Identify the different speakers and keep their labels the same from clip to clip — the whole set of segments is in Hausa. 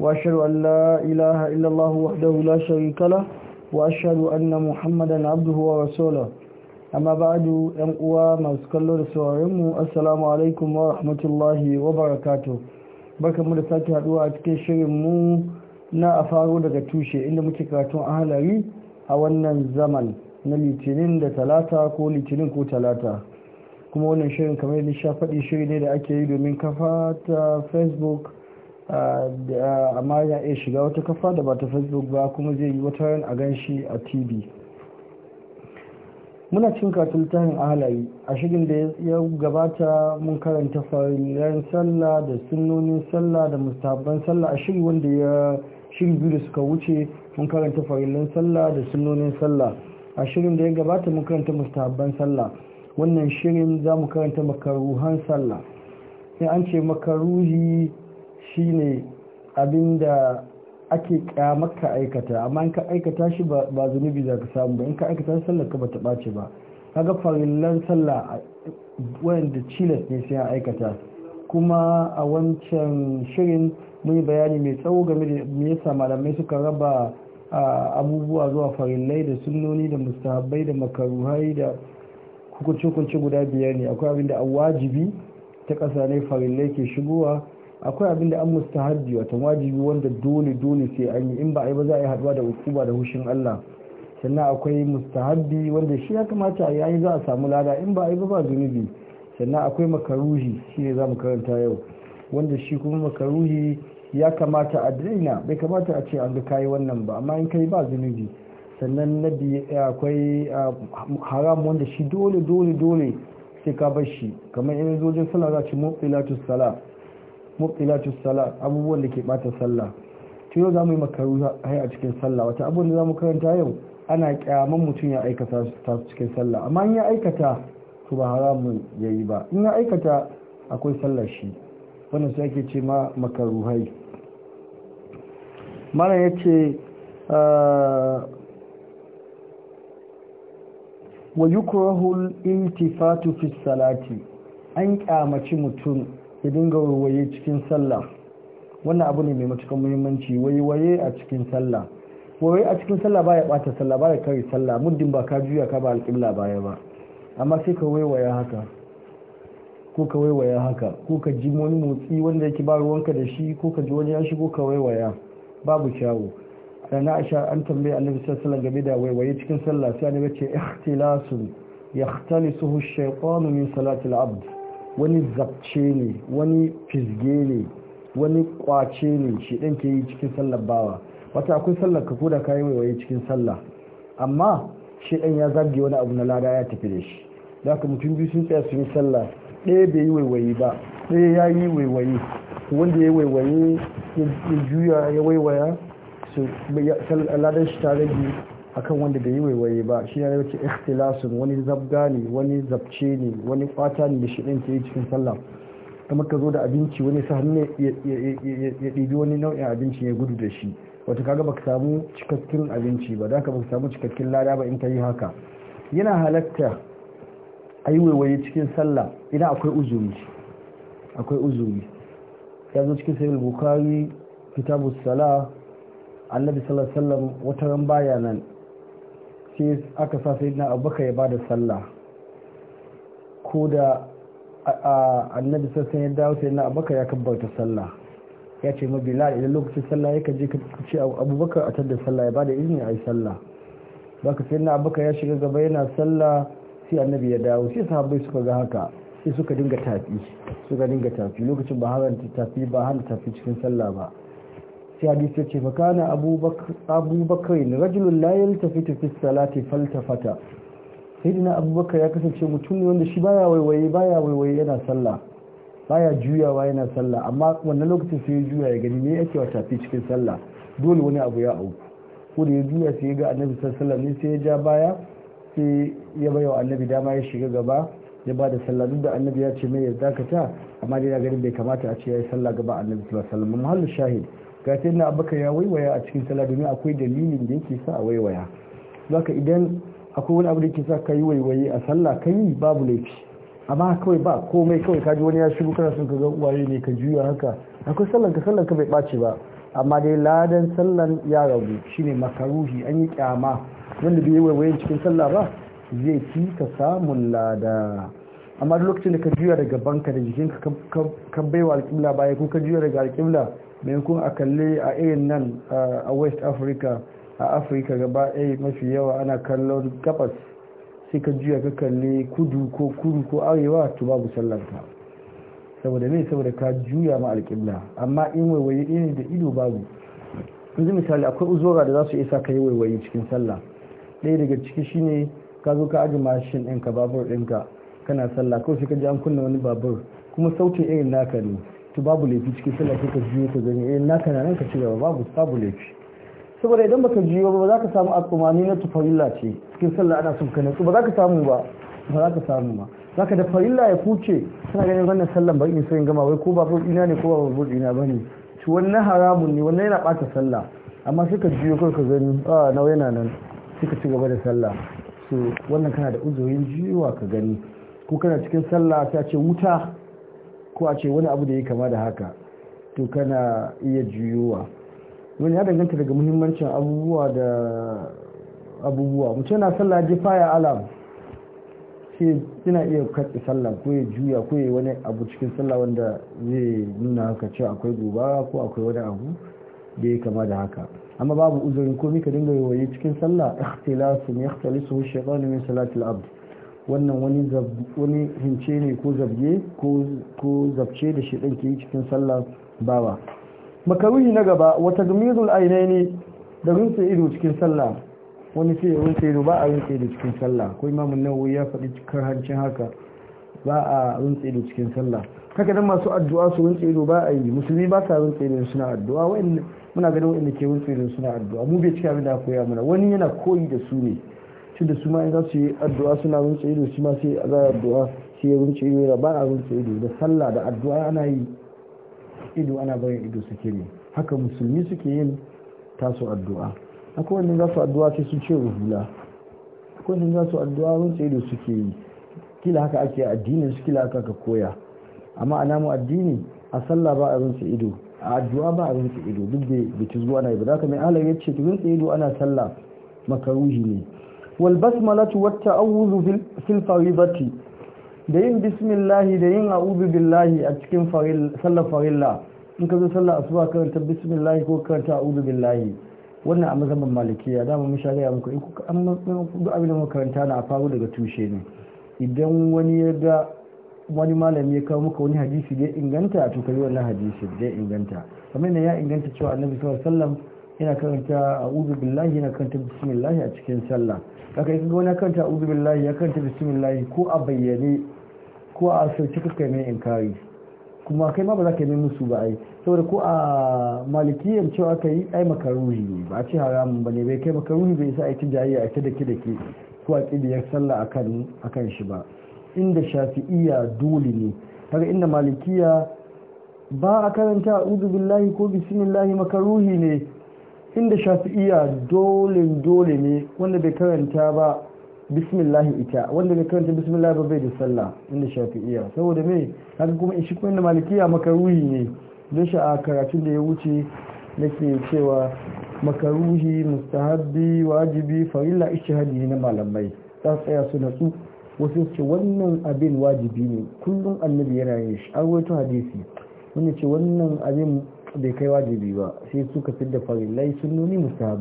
Speaker 1: وأشهد أن لا إله إلا الله وحده لا شريك له وأشهد أن محمدا عبده ورسوله أما بعد أنقوى مسكال رسوارم السلام عليكم mu الله وبركاته haduwa a cikin shirin mu na a faro daga tushe inda muke karatun ahalari a wannan zaman na litinin da talata ko litinin ko talata kuma wannan shirin kamar yadda sha faɗi shiri ne da ake yi domin kafa ta facebook amma ya iya shiga wata kafa da ba ta facebook ba kuma zai yi wata ran a gan shi a tv muna cin katin tahin ahalayi a shigin da ya gabata mun karanta farin sallah da sunnonin sallah da mustahabban sallah a shiri wanda ya shiri biyu da suka wuce mun karanta farin sallah da sunnonin sallah a shirin da ya gabata mun karanta mustahabban sallah wannan shirin za mu karanta makaruhan sallah sai an ce makaruhi shine abinda ake kyamaka aikata amma in ka aikata shi ba zunubi za ka samu ba in ka aikata sallar ka bata ɓace ba kaga farillan sallah wayanda cilas ne sai aikata kuma a wancan shirin mun yi bayani mai tsawo game da me yasa malamai suka raba abubuwa zuwa farillai da sunnoni da mustahabbai da makaruhai da hukunci-hukunci guda biyar ne akwai abin da a wajibi ta ƙasa ne farillai ke shigowa akwai abin da an mustahabbi wata wajibi wanda dole dole sai an yi in ba a yi ba za a yi haduwa da hukuma da hushin Allah sannan akwai mustahabbi wanda shi ya kamata a yi za a samu lada in ba a yi ba ba zunubi sannan akwai makaruhi shi ne za mu karanta yau wanda shi kuma makaruhi ya kamata a daina bai kamata a ce an ga kayi wannan ba amma in kai ba zunubi sannan na akwai ah, haram wanda shi dole dole dole sai ka bar shi kamar in zo sallah za ci mutilatu sallah mubtilatu sala abubuwan da ke bata sallah to yau zamu yi makaru hai a cikin sallah wata abubuwan da mu karanta yau ana kyaman mutum ya aikata ta cikin sallah amma in ya aikata to ba haramun ya yi ba in ya aikata akwai sallar shi wannan sai ake ce ma makaruhai mana yace wa yukrahu al-iltifatu fi salati an kyamaci mutum ya dinga waiwaye cikin sallah wannan abu ne mai matukan muhimmanci waiwaye a cikin sallah waiwaye a cikin sallah baya bata sallah baya kare sallah muddin ba ka juya ka ba alƙibla baya ba amma sai ka waiwaya haka ko ka haka ko ka ji wani motsi wanda yake ba ruwanka da shi ko ka ji wani ya shigo ka waiwaya babu kyawu rana aisha an tambaye annabi sallallahu alaihi wasallam game da waiwaye cikin sallah sai annabi ya ce ikhtilasun yakhtalisuhu ash-shaytanu min salati al-abd wani zabce ne wani fisge ne wani kwace ne shi ɗan ke yi cikin sallar bawa wata akwai sallar ka koda kayi waiwaye cikin sallah amma shi ɗan ya zage wani abu na lada ya tafi da shi da haka mutum biyu sun tsaya su yi sallah ɗaya bai yi waiwaye ba ɗaya ya yi waiwaye wanda ya waiwaye ya juya ya waiwaya su ladan shi ta rage akan wanda bai yi waiwaye ba shi ya wace ikhtilasun wani zabga ne wani zabce ne wani kwata ne da shi ɗin ta yi cikin sallah kama ka zo da abinci wani sa hannu ya ɗibi wani nau'in abinci ya gudu da shi wata kaga baka samu cikakken abinci ba da ka baka samu cikakkin lada ba in ka yi haka yana halatta a yi waiwaye cikin sallah idan akwai uzuri akwai ya zo cikin sayar bukari kitabu sala annabi sallallahu alaihi wasallam wata ran baya nan sai aka sa sai na abubakar ya bada sallah ko da annabi sassan ya dawo sai na abubakar ya kabbata sallah ya ce mabila idan lokacin sallah ya kaje ce abubakar a tattar sallah ya bada izini a yi sallah ba ka sai na abubakar ya shiga gaba yana sallah sai annabi ya dawo sai sahabbai suka ga haka sai suka dinga tafi lokacin ba hana tafi ba hana tafi cikin sallah ba sai hadisi ce fa kana abubakar rajulun la yaltafitu fi salati sai dina abubakar ya kasance mutum ne wanda shi baya waiwaye baya waiwaye yana sallah baya juyawa yana sallah amma wannan lokacin sai ya juya ya gani ne yake wa tafi cikin sallah dole wani abu ya auku ko da ya juya sai ya ga annabi sallallahu alaihi sai ya ja baya sai ya bayo annabi dama ya shiga gaba ya ba da sallah duk da annabi ya ce mai ya dakata amma dai ya gani bai kamata a ce ya yi sallah gaba annabi sallallahu alaihi wasallam muhallu shahid ga sai na abubakar ya waiwaya a cikin sallah domin akwai dalilin da yake sa a waiwaya zaka idan akwai wani abu da yake sa ka yi waiwaye a sallah ka yi babu laifi amma kawai ba komai kawai kaji wani ya shigo kana son ka ga waye ne ka juya haka akwai sallan ka sallan ka bai ɓaci ba amma dai ladan sallan ya ragu shine makaruhi an yi kyama wanda bai waiwaye cikin sallah ba zai ci ka samun lada amma lokacin da ka juya daga banka da jikinka ka baiwa alƙibla baya ko ka juya daga alƙibla kun a kalli a irin nan a west africa a afirka gaba ɗaya mafi yawa ana kallon gabas sai ka juya ka kalli kudu ko kudu ko arewa to babu sallanta saboda mai saboda ka juya ma alƙibla amma in waiwaye ɗaya da ido babu yanzu misali akwai uzura da za su isa ka yi waiwaye cikin sallah ɗaya daga ciki shine ka zo ka aji mashin ɗinka babur ɗinka kana sallah kawai sai ka ji an kunna wani babur kuma sautin irin naka ne to babu laifi cikin sallah sai ka juyo ka gani eh naka na nan ka cigaba babu babu laifi saboda idan baka juyo ba za ka samu atsumani na tufarilla ce cikin sallah ana son ka natsu ba za ka samu ba ba za ka samu ba za ka da farilla ya kuce suna ganin wannan sallan ba in so in gama wai ko ba ina ne ko ba babur ina ba ne wani wannan haramun ne wannan yana ɓata sallah amma sai ka juyo ka gani a ah, na yana nan sai ka ci gaba da sallah so wannan kana da uzurin juyowa ka gani ko kana cikin sallah sai a ce wuta ko a ce wani abu da ya kama da haka to kana iya juyowa wani ya danganta daga muhimmancin abubuwa da abubuwa mutum na sallah ji faya alam sai yana iya katse sallah ko ya juya ko ya wani abu cikin sallah wanda zai nuna haka cewa akwai guba ko akwai wani abu da ya kama da haka amma babu uzurin komi ka dinga yawaye cikin sallah ikhtilasu shekaru ne min salatul abdu wannan wani wani hince ne ko zabge ko zabce da shi ɗanke cikin sallar bawa makaruhi na gaba wata gamizul ainihi da rinsa ido cikin sallah wani sai rinsa ido ba a rinsa ido cikin sallah ko imamun nawo ya faɗi cikin hancin haka ba a rinsa ido cikin sallah haka nan masu addu'a su rinsa ido ba a yi musulmi ba sa rinsa ido suna addu'a muna ganin wani ke rinsa ido suna addu'a mu bai cikin abin da koya muna wani yana koyi da su ne tun da su ma in za su yi addu'a suna rinsa ido su ma sai za a addu'a sai ya rinsa ido yana ba a rinsa ido da sallah da addu'a ana yi ido ana barin ido suke ne haka musulmi suke yin tasu addu'a akwai wanda za su addu'a sai su ce rubula akwai wanda za su addu'a rinsa ido suke yi kila haka ake addini su kila haka ka koya amma a namu addini a sallah ba a rinsa ido a addu'a ba a rinsa ido duk da bikin zuwa na yi ba za ka mai alayyar ce ce rinsa ido ana sallah makaruhi ne wal basmalatu wat ta'awudhu fil faridati da yin bismillah da yin a'udhu billahi a cikin sallar farilla in ka zo sallar asuba karanta bismillah ko karanta a'udhu billahi wannan a mazhaban malikiya da mun sha a muku in kuka an duk abin da muka karanta na a faru daga tushe ne idan wani ya ga wani malami ya kawo muka wani hadisi da ya inganta to yi wannan hadisi da ya inganta kamar ya inganta cewa annabi sallallahu alaihi wasallam yana karanta a'udhu billahi yana karanta bismillah a cikin sallah haka in wani kanta uzu billahi ya kanta bismillahi ko a bayyane ko a sauci kuka mai inkari kuma kai ma ba za ka yi musu ba ai saboda ko a malikiyar cewa ka yi ai makaruhi ne ba a ce haramun ba ne bai kai makaruhi bai sa aiki jayayya a ta dake dake ko a kidiyar sallah akan akan shi ba inda shafi'iya dole ne kaga inda malikiya ba a karanta uzu billahi ko bismillahi makaruhi ne inda shafi'iya dole dole ne wanda bai karanta ba bismillahi ita wanda bai karanta bismillahi ba bai da sallah inda shafi'iya saboda mai haka kuma shi kuma inda malikiya makaruhi ne don shi a karatun da ya wuce ke cewa makaruhi mustahabbi wajibi farilla ishihadi hadi na malamai za su tsaya su natsu wasu ce wannan abin wajibi ne kullum annabi yana yin shi an hadisi wani ce wannan abin bai kai wajibi ba sai suka fidda farillai sunnoni za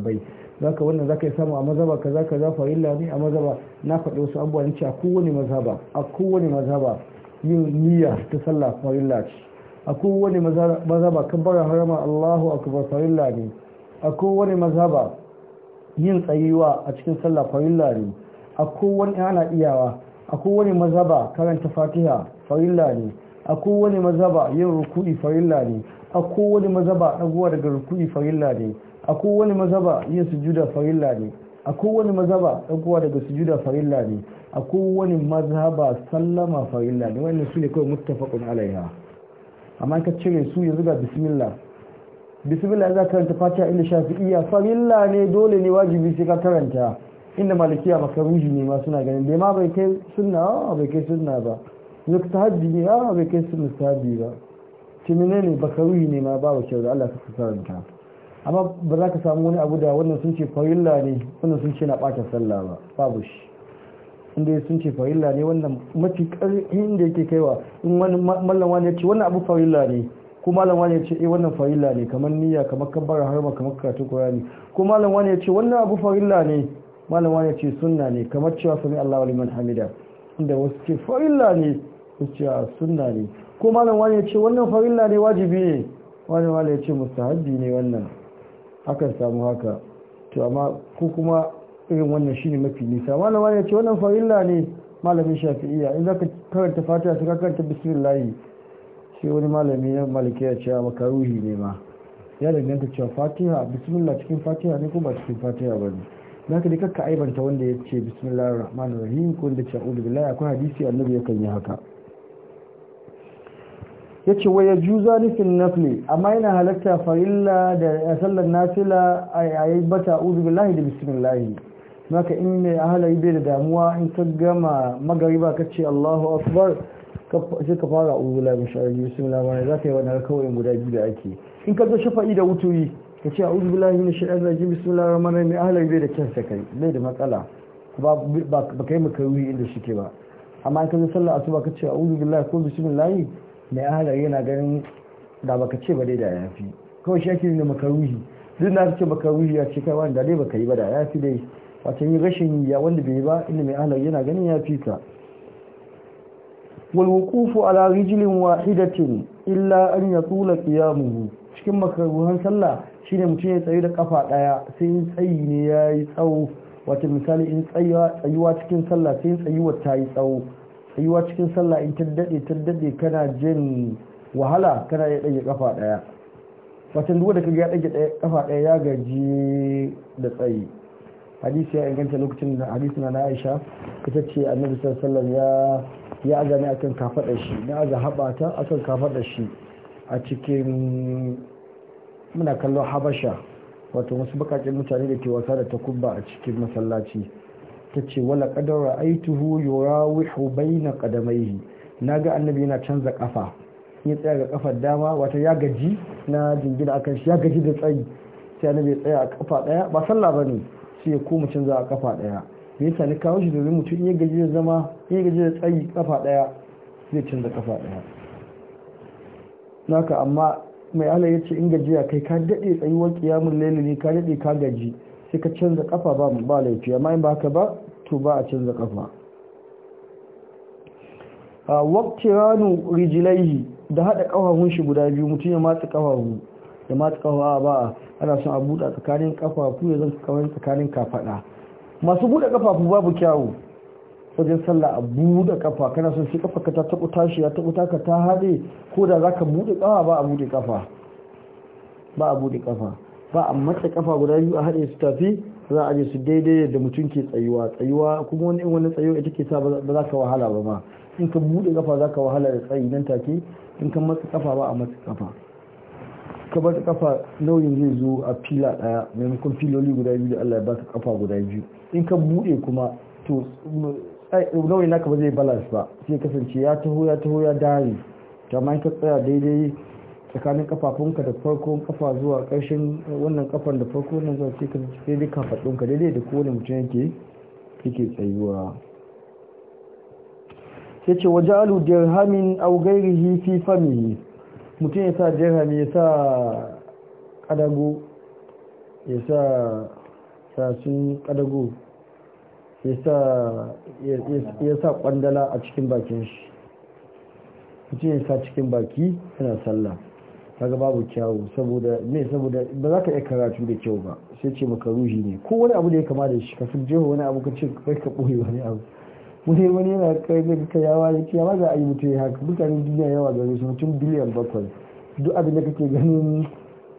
Speaker 1: zaka wannan zaka yi samu a mazhaba kaza kaza farilla ne a mazhaba na faɗi wasu abubuwa ne a kowane mazhaba a kowane mazhaba yin niyya ta sallah farilla ce a kowane mazhaba bara harama Allahu akbar farilla ne a kowane mazhaba yin tsayuwa a cikin sallah farilla ne a kowane ana iyawa a kowane mazhaba karanta fatiha farilla ne a kowane mazhaba yin ruku'i farilla ne a kowane mazaba ɗaguwa daga rukuni farilla ne a kowane mazaba yin sujuda farilla ne a kowane mazaba ɗaguwa daga sujuda farilla ne a kowane mazaba sallama farilla ne wannan su ne kawai muttafaqun alaiha amma ka cire su yanzu ga bismillah bismillah za ka karanta fatiha inda shafi'iyya farilla ne dole ne wajibi sai ka karanta inda malikiya makaruji ne ma suna ganin bai ma bai kai sunna bai kai sunna ba lokacin hajji ne bai kai sunna ba kimine ne bakawi ne ma ba wakil da Allah ka karanta amma ba za ka samu wani abu da wannan sun ce farilla ne wannan sun ce na ɓata sallah ba babu shi inda sun ce farilla ne wannan mafi ƙarfin da yake kaiwa in wani mallam wani ya ce wannan abu farilla ne ko malam wani ya ce eh wannan farilla ne kamar niyya kamar kabbara harma kamar karatun qur'ani ko malam wani ya ce wannan abu farilla ne malam wani ya ce sunna ne kamar cewa sami Allahu liman hamida inda wasu ce farilla ne wasu ce sunna ne ko malam wani ya ce wannan farilla ne wajibi ne wani wani ya ce mustahabbi ne wannan akan samu haka to amma ko kuma irin wannan shine mafi nisa malam wani ya ce wannan farilla ne malamin shafi'iyya in zaka karanta fatiha sai ka karanta bismillah sai wani malami na maliki ya ce makaruhi ne ma ya danganta cewa fatiha bismillah cikin fatiha ne ko ba cikin fatiha ba ne za ka kakka aibanta wanda ya ce bismillah rahman rahim ko da cewa udu billahi akwai hadisi annabi yakan yi haka yace waya juza ni fil nafli amma yana halatta farilla da sallar nafila ayi bata uzu billahi da bismillah maka in mai ahalari bai da damuwa in ka gama magariba ka ce Allahu akbar sai ka fara uzu la bishari bismillah ma za ka yi wannan kawai guda biyu da ake in ka zo shafa'i da wuturi ka ce a'udhu billahi minash shaitanir rajim bismillahir rahmanir rahim ahalari bai da kansa kai bai da matsala ba ba kai maka ruhi inda shike ba amma in ka zo sallar asuba ka ce a'udhu billahi ko bismillah mai halaye yana ganin da baka ce ba dai da ya fi kawai shi ake yi makaruhi duk na ce makaruhi ya ce kawai da dai baka yi ba da ya fi dai wata yi rashin ya wanda bai ba inda mai halaye yana ganin ya fi ka walwukufu ala rijilin wahidatin illa an ya tsula qiyamuhu cikin makaruhan sallah shine mutum ya tsayi da kafa daya sai in tsayi ne yayi tsawo wato misali in tsayuwa cikin sallah sai in tsayuwa ta yi tsawo tsayuwa cikin sallah in ta daɗe ta daɗe kana jin wahala kana ya ɗage kafa ɗaya fatan duk da kaga ya ɗage kafa ɗaya ya gaji da tsayi hadisi ya inganta lokacin da hadisi na Aisha ita ce annabi sallallahu ya ya azani akan kafaɗa shi na aza habata akan kafaɗa shi a cikin muna kallon habasha wato wasu bakakin mutane da ke wasa da takubba a cikin masallaci ta ce wala kadara na yurawihu baina na ga annabi yana canza kafa ya tsaya ga kafar dama wata ya gaji na jingina akan shi ya gaji da tsayi sai annabi ya tsaya a kafa daya ba sallah bane sai ya koma canza a kafa daya me yasa ni kawo shi domin mutum ya gaji da zama ya gaji da tsayi kafa daya zai canza kafa daya naka amma mai ala yace in gajiya kai ka daɗe tsayuwar kiyamul layli ne ka daɗe ka gaji sai ka canza kafa ba ba laifi amma in ba ka ba to ba a canza kafa a waqtiranu rijlaihi da hada kafafun shi guda biyu mutum ya matsa kafafu ya matsa kafafa ba ana son a buɗa tsakanin kafafu ya zan kawai tsakanin kafada masu buɗe kafafu babu kyawu wajen sallah a buɗe kafa kana son sai kafa ka ta taɓa tashi ya taɓa taka ta haɗe ko da zaka buɗe kafa ba a buɗe kafa ba a buɗe kafa ba a matsa kafa guda biyu a haɗe su tafi za a je su daidai da mutum ke tsayuwa tsayuwa kuma wani in wani tsayuwa ita ke sa ba za ka wahala ba ma in ka buɗe kafa za ka wahala da tsayi nan take in ka matsa kafa ba a matsa kafa ka matsa kafa nauyin zai zo a fila ɗaya maimakon filoli guda biyu da Allah ya ba ka kafa guda biyu in ka buɗe kuma to nauyin naka ba zai balance ba sai kasance ya taho ya taho ya dare to amma in ka tsaya daidai tsakanin kafafunka da farkon kafa zuwa ƙarshen eh, wannan kafan da farko nan zuwa ce kan sai dai kafaɗunka daidai da kowane mutum yake yake tsayuwa sai ce waje ja'alu dirhamin au gairihi fi famihi mutum ya sa dirhami ya sa kadago ya sa sasun kadago ya sa kwandala a cikin bakin shi mutum ya sa cikin baki yana sallah kaga babu kyawu saboda me saboda ba za ka iya karatu da kyau ba sai ce maka ruhi ne ko wani abu da ya kama da shi ka sun jeho wani abu ka ce kai ka ɓoye wani abu mutane wani yana kai da ka yawa ya ce yawa za a yi mutu ya haka mutane duniya yawa gare su mutum biliyan bakwai duk abin da kake ganin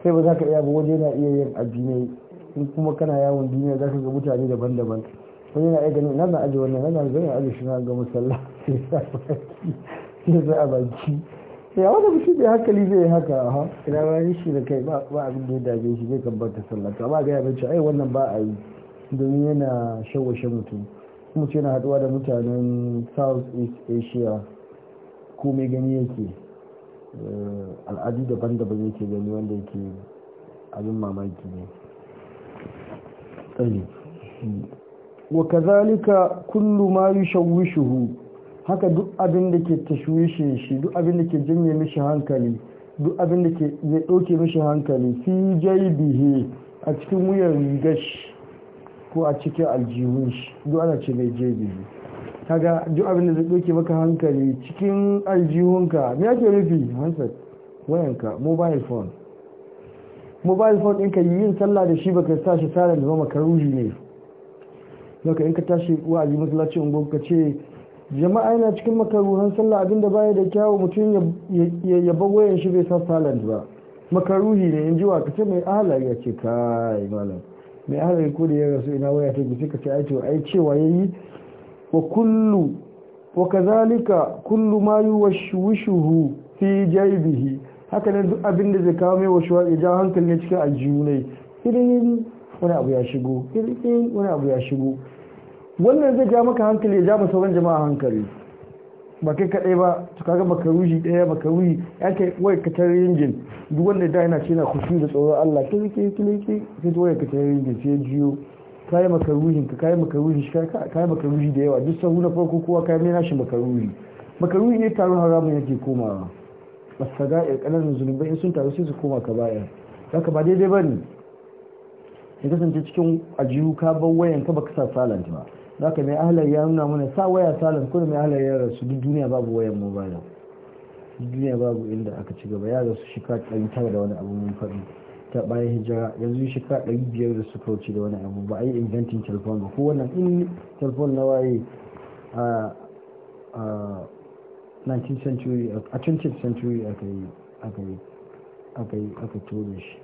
Speaker 1: kai ba za ka iya ba wani yana iya yin addinai in kuma kana yawon duniya za ka ga mutane daban-daban wani yana iya ganin nan na aji wannan nan na zai aji shi na ga musalla sai sa baki ya wanda mutum da hankali zai haka ha ina ba shi da kai ba abin da ya dage shi zai kabbata sallah to ba ga ya ai wannan ba a yi domin yana shawashe mutum kuma ce na haduwa da mutanen south east asia ko mai gani yake eh, al'adu daban-daban yake gani wanda yake abin mamaki ne wa kazalika kullu ma yushawwishuhu haka duk abin da ke tashwishe shi duk abin da ke janye mishi hankali duk abin da ke zai ɗauke mishi hankali fi jaibihi a cikin wuyar rigar shi ko a cikin aljihun shi duk ana ce mai jaibihi kaga duk abin da zai ɗauke maka hankali cikin aljihunka me ake nufi handset wayanka mobile phone mobile phone ka yin sallah da shi baka sa shi tare da zama karuji ne zaka in ka tashi wa'azi masallaci ungo ka ce jama'a yana cikin makaruhan sallah abinda baya da kyawu mutum ya bar wayan shi bai sa silent ba makaruhi ne in ji wa mai ahalar ya ce kai malam mai ahalar ko da ya rasu ina waya ta gisi kace ai to ai cewa yayi wa kullu wa kazalika kullu ma yuwashwishuhu fi jaybihi haka nan duk abinda zai kawo mai washuwa ya ja hankali ne cikin ne irin wani abu ya shigo irin wani abu ya shigo wannan zai ja maka hankali ya ja masa sauran jama'a hankali ba kai kaɗai ba to kaga makaruji ɗaya makaruji ya kai wai ka tare rinjin duk wanda da yana ce na kushi da tsoron Allah kai kai kai kai sai wai ka tare rinjin sai jiyo kai ruhin ka kai shi ka kai makaruji da yawa duk sahu na farko kowa kai mai nashi maka makaruji ne taron haramun yake komawa basagair kananan zunubai in sun taru sai su koma ka baya haka ba daidai bane ya kasance cikin ajiyu ka bar wayan ka baka sa salanta ba zaka mai ahalar ya nuna mana sa waya salon kuma mai ahalar ya rasu duk duniya babu wayan mobile duk duniya babu inda aka ci gaba ya rasu shika ɗari tara da wani abu mun faɗi ta bayan hijira yanzu shika ɗari biyar da suka wuce da wani abu ba a yi inventin telefon ba ko wannan in telefon na waye a 19th century a 20th century aka yi aka yi aka yi aka turo shi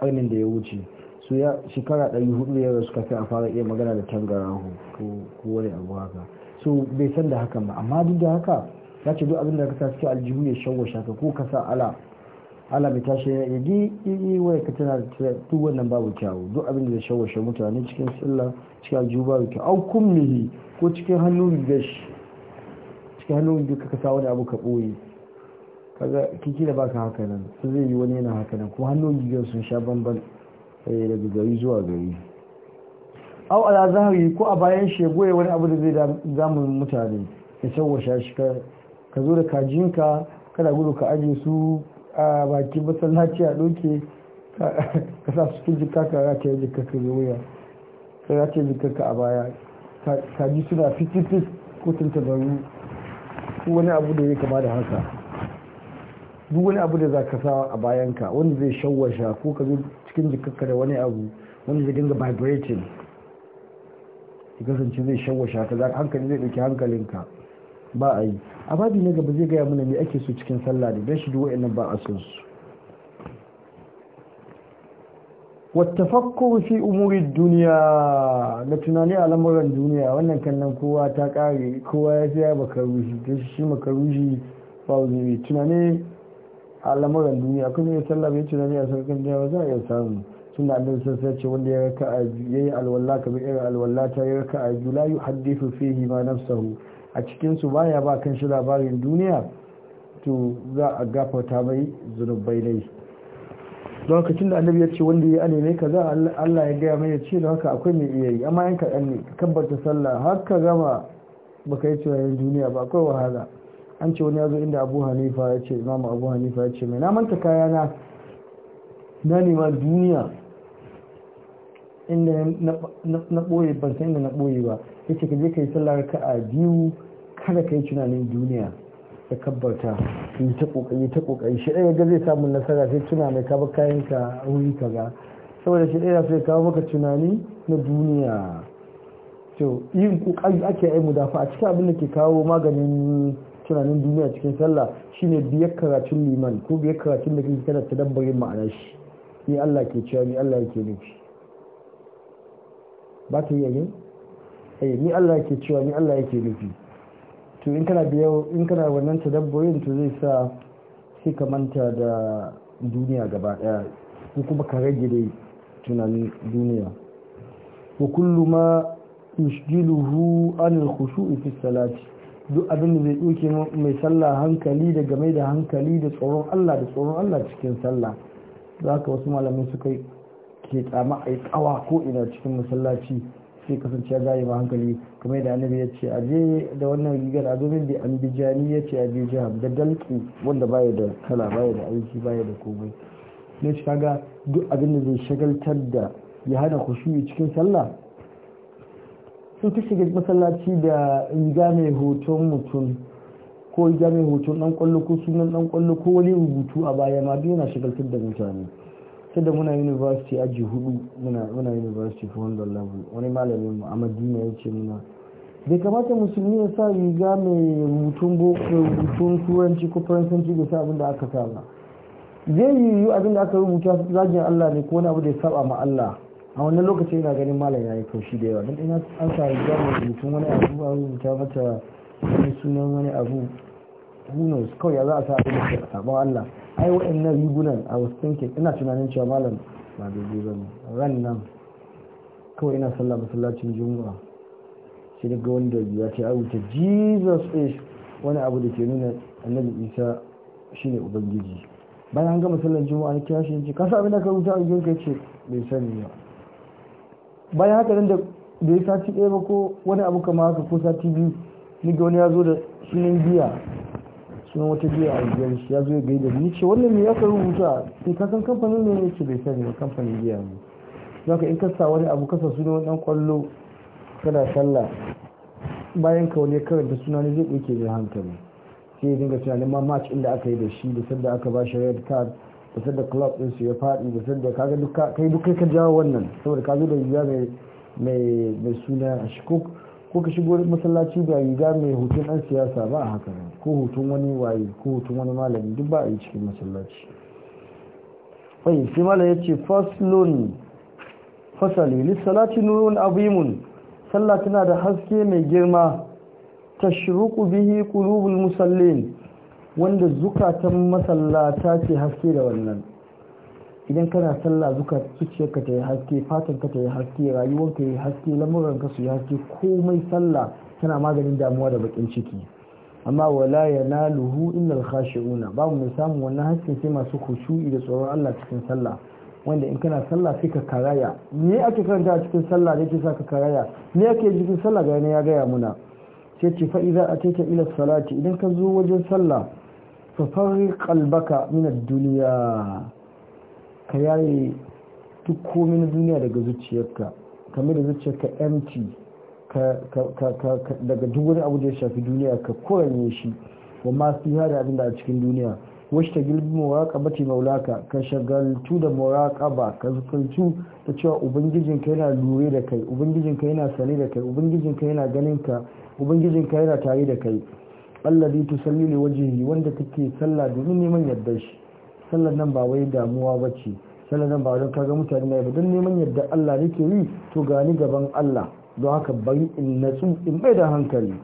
Speaker 1: ƙarnin da ya wuce su ya shekara ɗari hudu ya rasu kafin a fara iya magana da tangarahu ko wani abu haka so bai san da hakan ba amma duk da haka ya ce duk abin da ka sa cikin aljihu ya shawwasha shaka ko ka sa ala ala mai tashi ya yi yi waya ka tana da duk wannan babu kyawu duk abin da ya shawwasha mutane cikin sallah cikin aljihu babu kyawu au kummihi ko cikin hannun gashi cikin hannun duk ka sa wani abu ka ɓoye kaga kiki da baka haka nan su zai yi wani yana haka nan kuma hannun gigan sun sha bambam Eh, daga gari zuwa gari au ala zahari ko a bayan shegoye wani abu da zai damun mutane ya sauwasha shi ka zo da kajinka kada gudu ka aje su a baki masallaci a doke ka sa su cikin jikka ka rata ya kaka ka wuya ka rata ya jikka ka a baya kaji suna fitifit ko tuntabaru ko wani abu da ya kama da haka duk wani abu da za ka sa a bayanka wanda zai shawwasha ko ka zo cikin jikinka da wani abu wanda zai dinga vibrating ya kasance zai shawasha ta za hankali zai ɗauki hankalinka ba a yi a babi na gaba zai gaya mana me ake so cikin sallah da don shi duk ba a son su wattafakkur fi umuri duniya da tunani a lamuran duniya wannan kan nan kowa ta kare kowa ya fiya makarushi ta shi makarushi ba wuzuri tunani a lamuran duniya kuma ya sallama ya tunani a sarkin jiya ba za a iya samu sun da abin sun sace wanda ya raka a yayi alwallah kamar irin alwallah ta ya raka a biyu la yuhaddithu fihi ma nafsahu a cikinsu ba ya ba kan shi labarin duniya to za a gafata mai zunubai ne lokacin da annabi ya ce wanda ya anime ka za Allah ya gaya mai ya ce da haka akwai mai iya yi amma yanka ɗan ne kabbata sallah haka ka gama baka yi tunanin duniya ba akwai wahala an ce wani ya zo inda abu hanifa ya ce imamu abu hanifa ya ce mai na manta kayana na nema duniya inda na ɓoye ban san inda na ɓoye ba ya ce ka je ka yi sallar ka a biyu kada ka yi tunanin duniya ka kabbarta yi ta ƙoƙari ta ƙoƙari shi ɗaya ga zai samu nasara sai tuna mai kaba kayan ka wuri ka ga saboda shi ɗaya sai kawo maka tunani na duniya to yin ƙoƙari ake yi mudafa a cikin abin da ke kawo maganin tunanin duniya cikin sallah shine biyar karatun liman ko biyar karatun da kake kana tadabbarin ma'ana shi ni Allah ke cewa ni Allah yake nufi ba ta yi eh ni Allah yake cewa ni Allah yake nufi to in kana biyar in kana wannan tadabburin to zai sa sai ka manta da duniya gaba daya ko kuma ka rage dai tunanin duniya wa kullu ma yushgiluhu an al-khushu'i fi salati duk abin da zai ɗauke mai sallah hankali da game da hankali da tsoron Allah da tsoron Allah cikin sallah za ka wasu malamai suka ke tsama a yi tsawa ko ina cikin masallaci sai kasance ya jaye ma hankali kamar da annabi ya ce aje da wannan rigar a zomin da ambijani ya ce aje jihar da dalki wanda baya da kala baya da aiki baya da komai ne shi kaga duk abin da zai shagaltar da ya hana khushu'i cikin sallah sun ta shiga masallaci da riga mai hoton mutum ko riga mai hoton dan kwallo ko sunan dan kwallo ko wani rubutu a baya ma biyu yana shigaltar da mutane sada muna university aji hudu muna muna university for hundred wani malamin mu a madina ya ce muna bai kamata musulmi ya sa riga mai rubutun boko rubutun turanci ko faransanci bai sa abin da aka sa ba zai yiwu abin da aka rubuta zagin allah ne ko wani abu da ya saba ma allah a wannan lokaci ina ganin malam ya yi kaushi da yawa don ina an sa rigar rubutun wani abu a rubuta mata wani sunan wani abu who kawai ya za a sa abin da ke sabon allah ai wa'annan rigunan a wasu thinking ina tunanin cewa malam ba daidai ba ne ran nan kawai ina sallah masallacin juma'a sai daga wanda ya ce rubuta jesus is wani abu da ke nuna annabi isa shine ubangiji bayan an gama sallar juma'a ya kira shi ya ce kasa abin da ka rubuta a jikin ka ce bai sani ba bayan haka nan da bai sati ɗaya ba ko wani abu kama haka ko sati biyu ni ga wani ya zo da sunan giya sunan wata biya a biyar shi ya zo ya gaida ni ce wannan me ya ka rubuta sai ka san kamfanin ne ne ce bai sani ba kamfanin giya ne za ka in ka sa wani abu kasa sunan wani ɗan kwallo kana sallah bayan ka wani karanta suna ne zai ɗauke da hankali sai ya dinga tunanin ma match inda aka yi da shi da sanda aka ba shi red card da sadda club din su ya fadi da sanda kaga duka kai duka ka jawo wannan saboda ka zo da riga mai mai suna a shiko ko ka shigo masallaci da riga mai hutun dan siyasa ba a haka ko hutun wani waye ko hutun wani malami duk ba a yi cikin masallaci wai sai malam ya ce loan fasali salati nurun azimun sallah tana da haske mai girma tashruqu bihi qulubul musallin wanda zukatan masallata ce haske da wannan idan kana sallah zuka zuciyarka ta yi haske fatanka ta yi haske rayuwarka ya yi haske lamuranka su yi haske komai sallah tana maganin damuwa da bakin ciki amma wala yanaluhu illa al-khashi'una babu mai samun wannan haske sai masu khushu'i da tsoron Allah cikin sallah wanda in kana sallah sai ka karaya me ake karanta a cikin sallah da yake sa ka karaya me ake cikin sallah ga ya gaya muna sai ce fa idza atayta ila salati idan ka zo wajen sallah fafari kalbaka minar duniya ka yaye duk komai na duniya daga zuciyarka kame da zuciyarka empty daga duk wani abu da ya shafi duniya ka koranye shi wa masu yi da abin da a cikin duniya wasu ta gilbi muraƙaba ce maulaka ka shagaltu da ba ka zukuntu da cewa ubangijinka yana lure da kai ubangijinka yana sane da kai ubangijinka yana ganin ka ubangijinka yana tare da kai allazi tusalli li wajhihi wanda take sallah domin neman yadda shi sallar nan ba wai damuwa bace sallar nan ba don kaga mutane na yi don neman yadda Allah nake yi to gani gaban Allah don haka bari in natsu in bai da hankali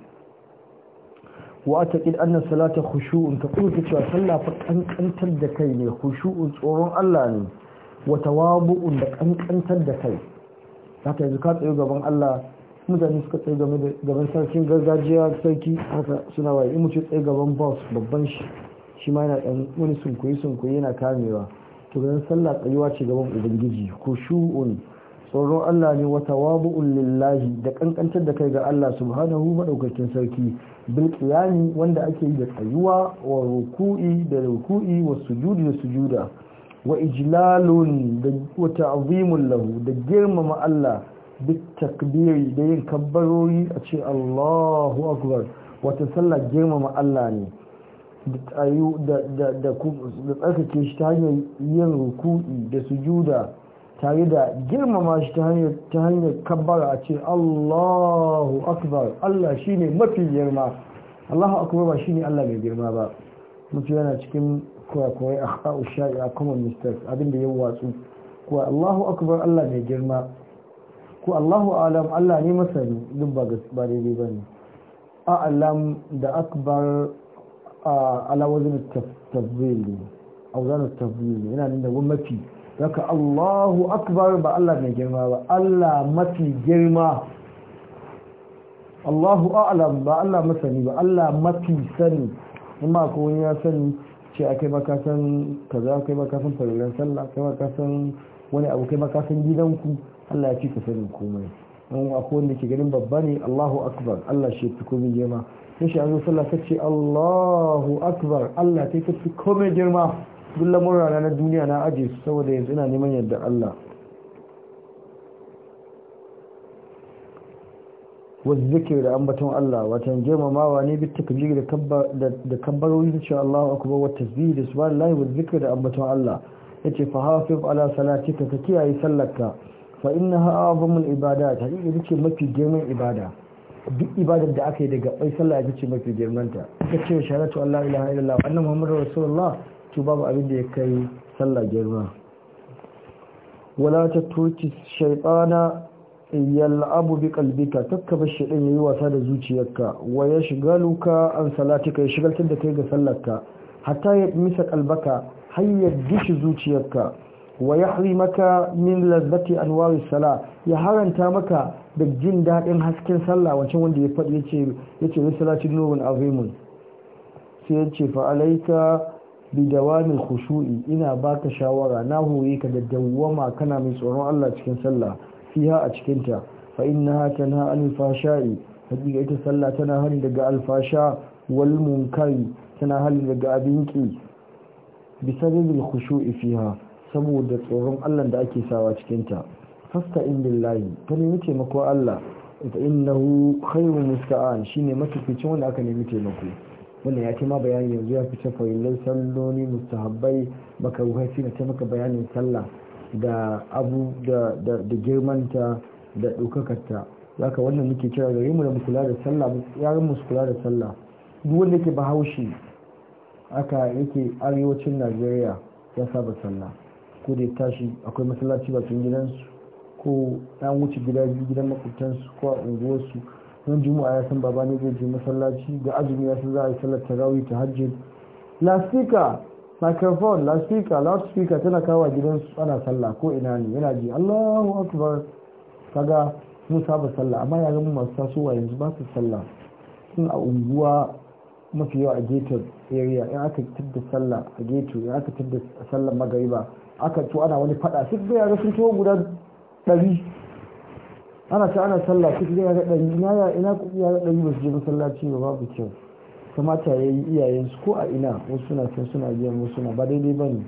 Speaker 1: wa ataqid anna salata khushu'un ka ta cewa sallah fa kankantar da kai ne khushu'un tsoron Allah ne wa tawabu'un da kankantar da kai haka yanzu ka tsayo gaban Allah mutane suka tsaye game da gaban sarkin gargajiya sarki haka suna waye in mutum tsaye gaban boss babban shi shi ma yana ɗan wani sunkuyi sunkuyi yana kamewa to ganin sallah tsayuwa ce gaban ubangiji ko shu'un tsoron Allah ne wata wabu'un lillahi da kankantar da kai ga Allah subhanahu maɗaukakin sarki bil qiyami wanda ake yi da tsayuwa wa ruku'i da ruku'i wa sujudi da sujuda wa ijlalun da wata lahu da girmama Allah بالتكبير da yin kabbarori a ce Allahu akbar wata sallar girmama Allah ne da tsarkake shi ta hanyar yin ruku'i da sujuda tare da girmama shi ta hanyar kabbara a ce Allahu akbar Allah shine mafi girma Allahu akbar ba shine Allah mai girma ba mutu yana cikin kurakurai a a common mistakes abinda ya watsu kuwa Allahu akbar Allah mai girma ko Allahu alam Allah ne masani duk ba daidai ba ne a a'lam da akbar ala wazin tafzil auzan tafzil yana nan da mafi daga Allahu akbar ba Allah mai girma ba Allah mafi girma Allahu a'lam ba Allah masani ba Allah mafi sani in ma ko wani ya sani ce a kai makasan kaza kai makasan farulan sallah kai makasan wani abu kai makasan gidanku Allah ya ci ka sanin komai an akwai wanda ke ganin babba ne Allahu akbar Allah shi fi komai girma sai shi an sallah ka ce Allahu akbar Allah kai fi komai girma duk lamurana na duniya na aje su saboda yanzu ina neman yadda Allah والذكر أنبتهم الله وتنجيم ما واني بالتكبير دكبروا إن الله أكبر والتسبيح سبحان الله والذكر أنبتهم الله يتي فحافظ على صلاتك كي أي سلك فإنها أعظم الإبادات هذه يتي mafi girman ibada. duk ibadar da aka yi daga bai sallah ya ce mafi girmanta ita ce Sharatu Allah ilaha illallah annabi Muhammadu Rasulullah to babu abin da ya kai sallah girma wala ta shaytana yal'abu bi qalbika takkaba shaytan yayi wasa da zuciyarka wa yashghaluka an salatika yashghaltar da kai ga sallarka hatta ya misa qalbaka har ya dishi zuciyarka wa yahrimaka min ladzati anwa'i salah ya haranta maka da jin dadin hasken sallah wancan wanda ya fadi yace yace risalati nurun azimun sai yace fa alayka bi dawamil khushu'i ina baka shawara na hore ka da dawwama kana mai tsoron Allah cikin sallah fiha a cikinta fa innaha tanha anil fashai hakika ita sallah tana hani daga alfasha wal munkari tana hali daga abinki bisababil khushu'i fiha saboda tsoron Allah da ake sawa cikinta fasta in billahi ta nemi taimako Allah ita innahu khairun musta'an shine matuficin wanda aka nemi taimako wannan ya ma bayani yanzu ya fice fa'ilan salloni mustahabbai baka haifi na taimaka bayanin sallah da abu da girmanta da ɗaukakarta ka wannan muke kira gare mu da mu kula da sallah yaran mu kula da sallah duk wanda yake bahaushe aka yake arewacin najeriya ya saba sallah ko da ya tashi akwai masallaci bakin gidansu ko an wuce gida biyu gidan makwabtansu ko a unguwarsu don juma'a ya san baba ne zai je masallaci da azumi ya san za a yi sallar tarawih ta hajji lasika microphone loud speaker tana kawo gidansu ana sallah ko ina ne yana ji allahu akbar kaga mu saba sallah amma ya mu masu tasowa yanzu ba su sallah sun a unguwa mafi yawa a gated area in aka da sallah a geto in aka da sallah magariba aka to ana wani fada sai da yara sun tawo guda dari ana ta ana sallah sai ga yara ɗari ina ya ku ya ɗari ba su je masallaci ba babu kyau kamata ya yi iyayensu ko a ina wasu suna can suna biyan wasu suna ba daidai ba ne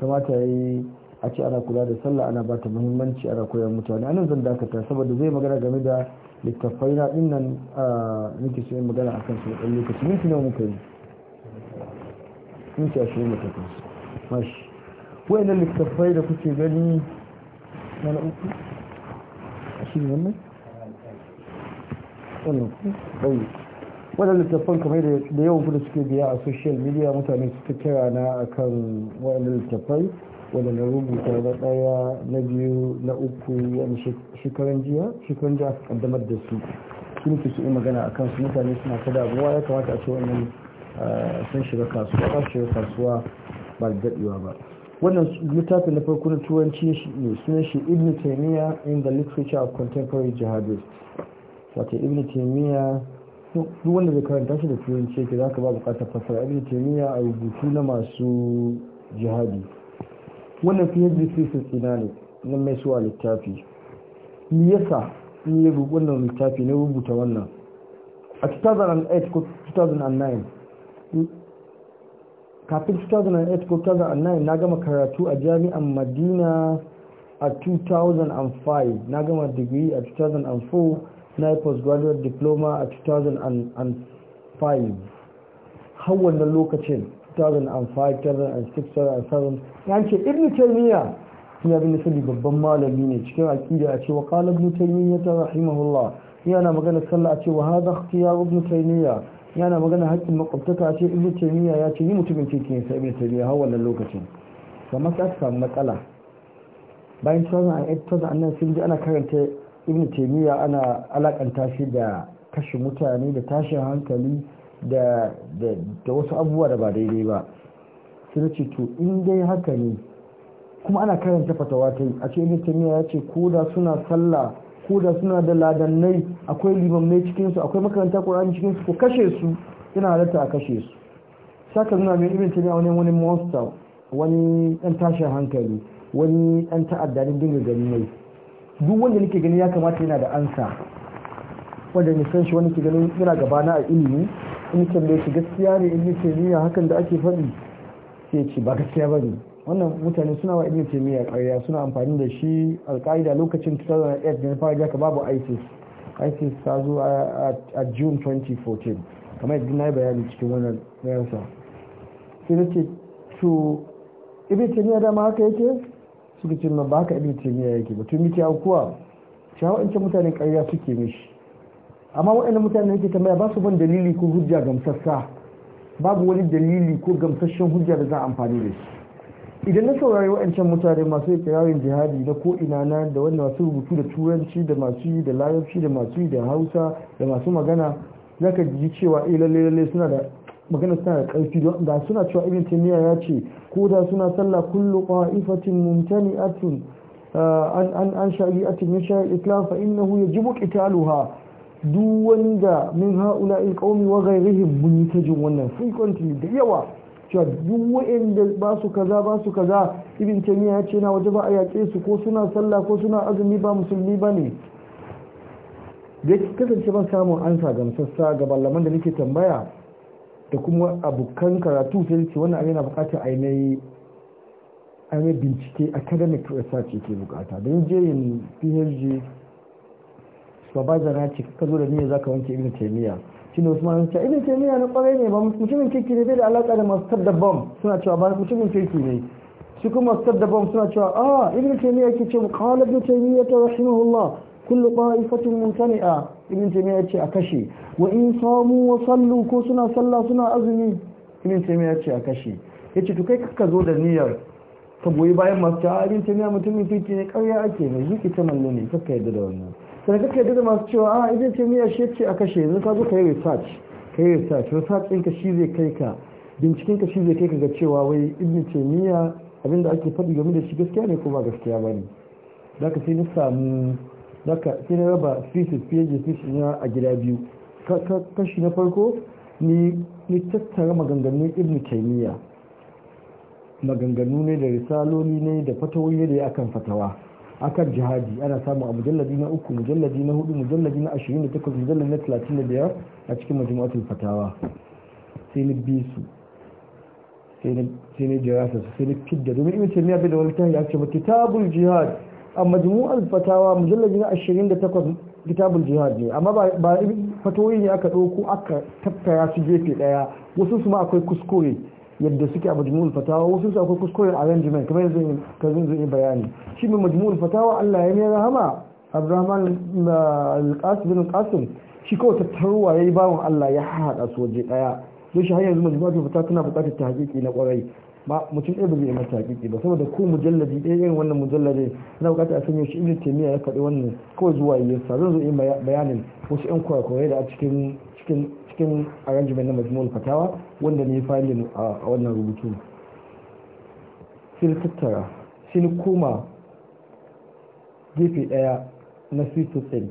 Speaker 1: kamata ya yi a ce ana kula da sallah ana ba ta muhimmanci ana koyar mutane anan zan dakata saboda zai magana game da littattafai na din nan nake yi magana a kan su da lokaci minti nawa muka yi minti ashirin da takwas mashi wayannan littattafai da kuke gani wani uku ashirin wannan wannan ku waɗanda littattafan kamar da yawan kuda suke biya a social media mutane suka kira na akan waɗanda littattafai waɗanda rubuta na ɗaya na biyu na uku wani shekaran jiya shekaran jiya aka kaddamar da su su ne su suke magana a kansu mutane suna ta damuwa ya kamata a ce wannan ah, sun shiga kasuwa ba shiga kasuwa ba da daɗewa ba wannan littafin na farko na turanci ne sunan shi ibn taymiya in the literature of contemporary jihadists wato ibn taymiya duk wanda zai karanta shi da turanci ke za ka ba bukatar fasara abin taymiya a rubutu na masu jihadi wannan phd thesis ina ne na mai suwa littafi me yasa in yi wannan littafi na rubuta wannan a 2008 ko 2009 kafin 2008 ko 2009 na gama karatu a jami'an madina a 2005 na gama digiri a 2004 na yi postgraduate diploma a 2005 har wannan lokacin 2005 2006 2007 ya ce ibn taymiya yabi nufin nufi babban malami ne cikin aƙida a cewa qala ibn taymiya ta rahimahullah yana magana sallah a cewa hadha ikhtiyar ibn taimiyya yana magana haƙƙin makwabtaka a ce ibn taimiyya ya ce ni mutumin kirki ne sai ibn har wannan lokacin kamar ta samu matsala bayan 2008 2009 sun ji ana karanta ibn taimiyya ana alakanta shi da kashe mutane da tashin hankali da wasu abubuwa da ba daidai ba sai na ce to in dai haka ne kuma ana karanta fatawa ta yi a ce ibn taimiyya ya ce ko da suna sallah ko da suna da ladannai akwai limamai cikinsu akwai makaranta cikin cikinsu ko kashe su yana halatta a kashe su saka nuna mai ibn taimiyya wani wani monster wani ɗan tashin hankali wani ɗan ta'addarin dinga gani mai duk wanda nake gani ya kamata yana da ansa wanda ni san shi wani ke ganin yana gabana a ilimi in tambaye shi gaskiya ne in ce miya hakan da ake faɗi sai ce ba gaskiya ba ne wannan mutane suna wa ibn taymiya ƙarya suna amfani da shi alƙa'ida lokacin 2008 da fara jaka babu isis isis ta zo a june 2014 kamar yadda na yi bayani cikin wannan bayansa sai na ce to ibn taymiya dama haka yake suka ce ba ka ilimin ce miya yake ba to miki kuwa cewa in mutane ƙarya suke mishi amma waɗannan mutane yake tambaya ba su ban dalili ko hujja gamsassa babu wani dalili ko gamsashen hujja da za a amfani da shi idan na saurari wa'ancan mutane masu ikirarin jihadi na ko ina na da wani masu rubutu da turanci da masu yi da larabci da masu yi da hausa da masu magana zaka ji cewa eh suna da magana suna da ƙarfi ga suna cewa ibn taymiya ya ce ko da suna sallah kullu qa'ifatin mumtani'atun eh, an an shari'atin min shari'il islam fa innahu yajibu qitaluha duk wanda min in qaumi wa ghayrihim mun ta jin wannan frequently da yawa cewa duk wa'anda ba su kaza ba su kaza ibn taymiya ya ce na waje ba a yaƙe su ko suna sallah ko suna azumi ba musulmi ba ne da kasance ban samun ansa gamsassa ga ballaman da nake tambaya da kuma abokan karatu sai ce wannan abin yana bukatar a yi mai bincike academic research yake bukata don jeyin phd babazana ce ka zo da niyyar zaka wanke ibn taymiya wasu usman ce ibn taymiya na kwarai ne ba mutumin kirki ne bai da alaka da masu da bom suna cewa ba mutumin kirki ne shi kuma masu da bom suna cewa ah ibn taymiya ke ce mu qala ibn taymiya rahimahullah kullu qa'ifatun mumtani'a ibn taymiya yace a kashe wa in samu wa sallu ko suna sallah suna azumi ibn taymiya yace a kashe yace to kai kakka zo da niyyar ka goyi bayan masu cewa ibn taymiya mutumin kirki ne ƙarya ake ne zuki ta mallo ne yadda da wannan sai kakka yadda da masu cewa a ibn taymiya shi yace a kashe yanzu ka zo ka yi research ka yi research research ɗinka shi zai kai ka binciken ka shi zai kai ka ga cewa wai ibn taymiya abinda ake faɗi game da shi gaskiya ne ko ba gaskiya ba ne da ka sai na samu daga sai na raba thesis phd na a gida biyu kashi na farko ni tattara maganganun ibn taymiya maganganu ne da risaloli ne da fatawoyi da ya akan fatawa akan jihadi ana samu a mujalladi na uku mujalladi na hudu mujalladi na ashirin da takwas mujalladi na talatin da biyar a cikin majmu'atul fatawa sai na bi su sai na jirasa su sai na fidda domin ibn taymiya bai da wani tahi ya mutu kitabul jihad a majmu'ar fatawa mujallabi na 28 kitabul jihad ne amma ba fatoyi ne aka ɗauko aka tattara su gefe ɗaya wasu su ma akwai kuskure yadda suke a majmu'ul fatawa wasu su akwai kuskure arrangement kamar yanzu ka zunzu zai bayani shi mai majmu'ul fatawa Allah ya mai rahama abrahman ah, al-Qasim bin Qasim shi kawai tattaruwa yayi bawon Allah ya haɗa su waje ɗaya don shi har yanzu majmu'ul fatawa tana buƙatar tahqiqi na ƙwarai ba mutum ɗaya ba zai mata hakiki ba saboda ko mujalladi ɗaya irin wannan mujallabi na bukata a sanya shi ibn taymiya ya faɗi wannan kawai zuwa yasa zan zo in bayanin wasu ƴan kwakwarai da a cikin cikin cikin arrangement na majmu'ul fatawa wanda ne fali a wannan rubutu sai tattara sai koma gefe ɗaya na sitotsin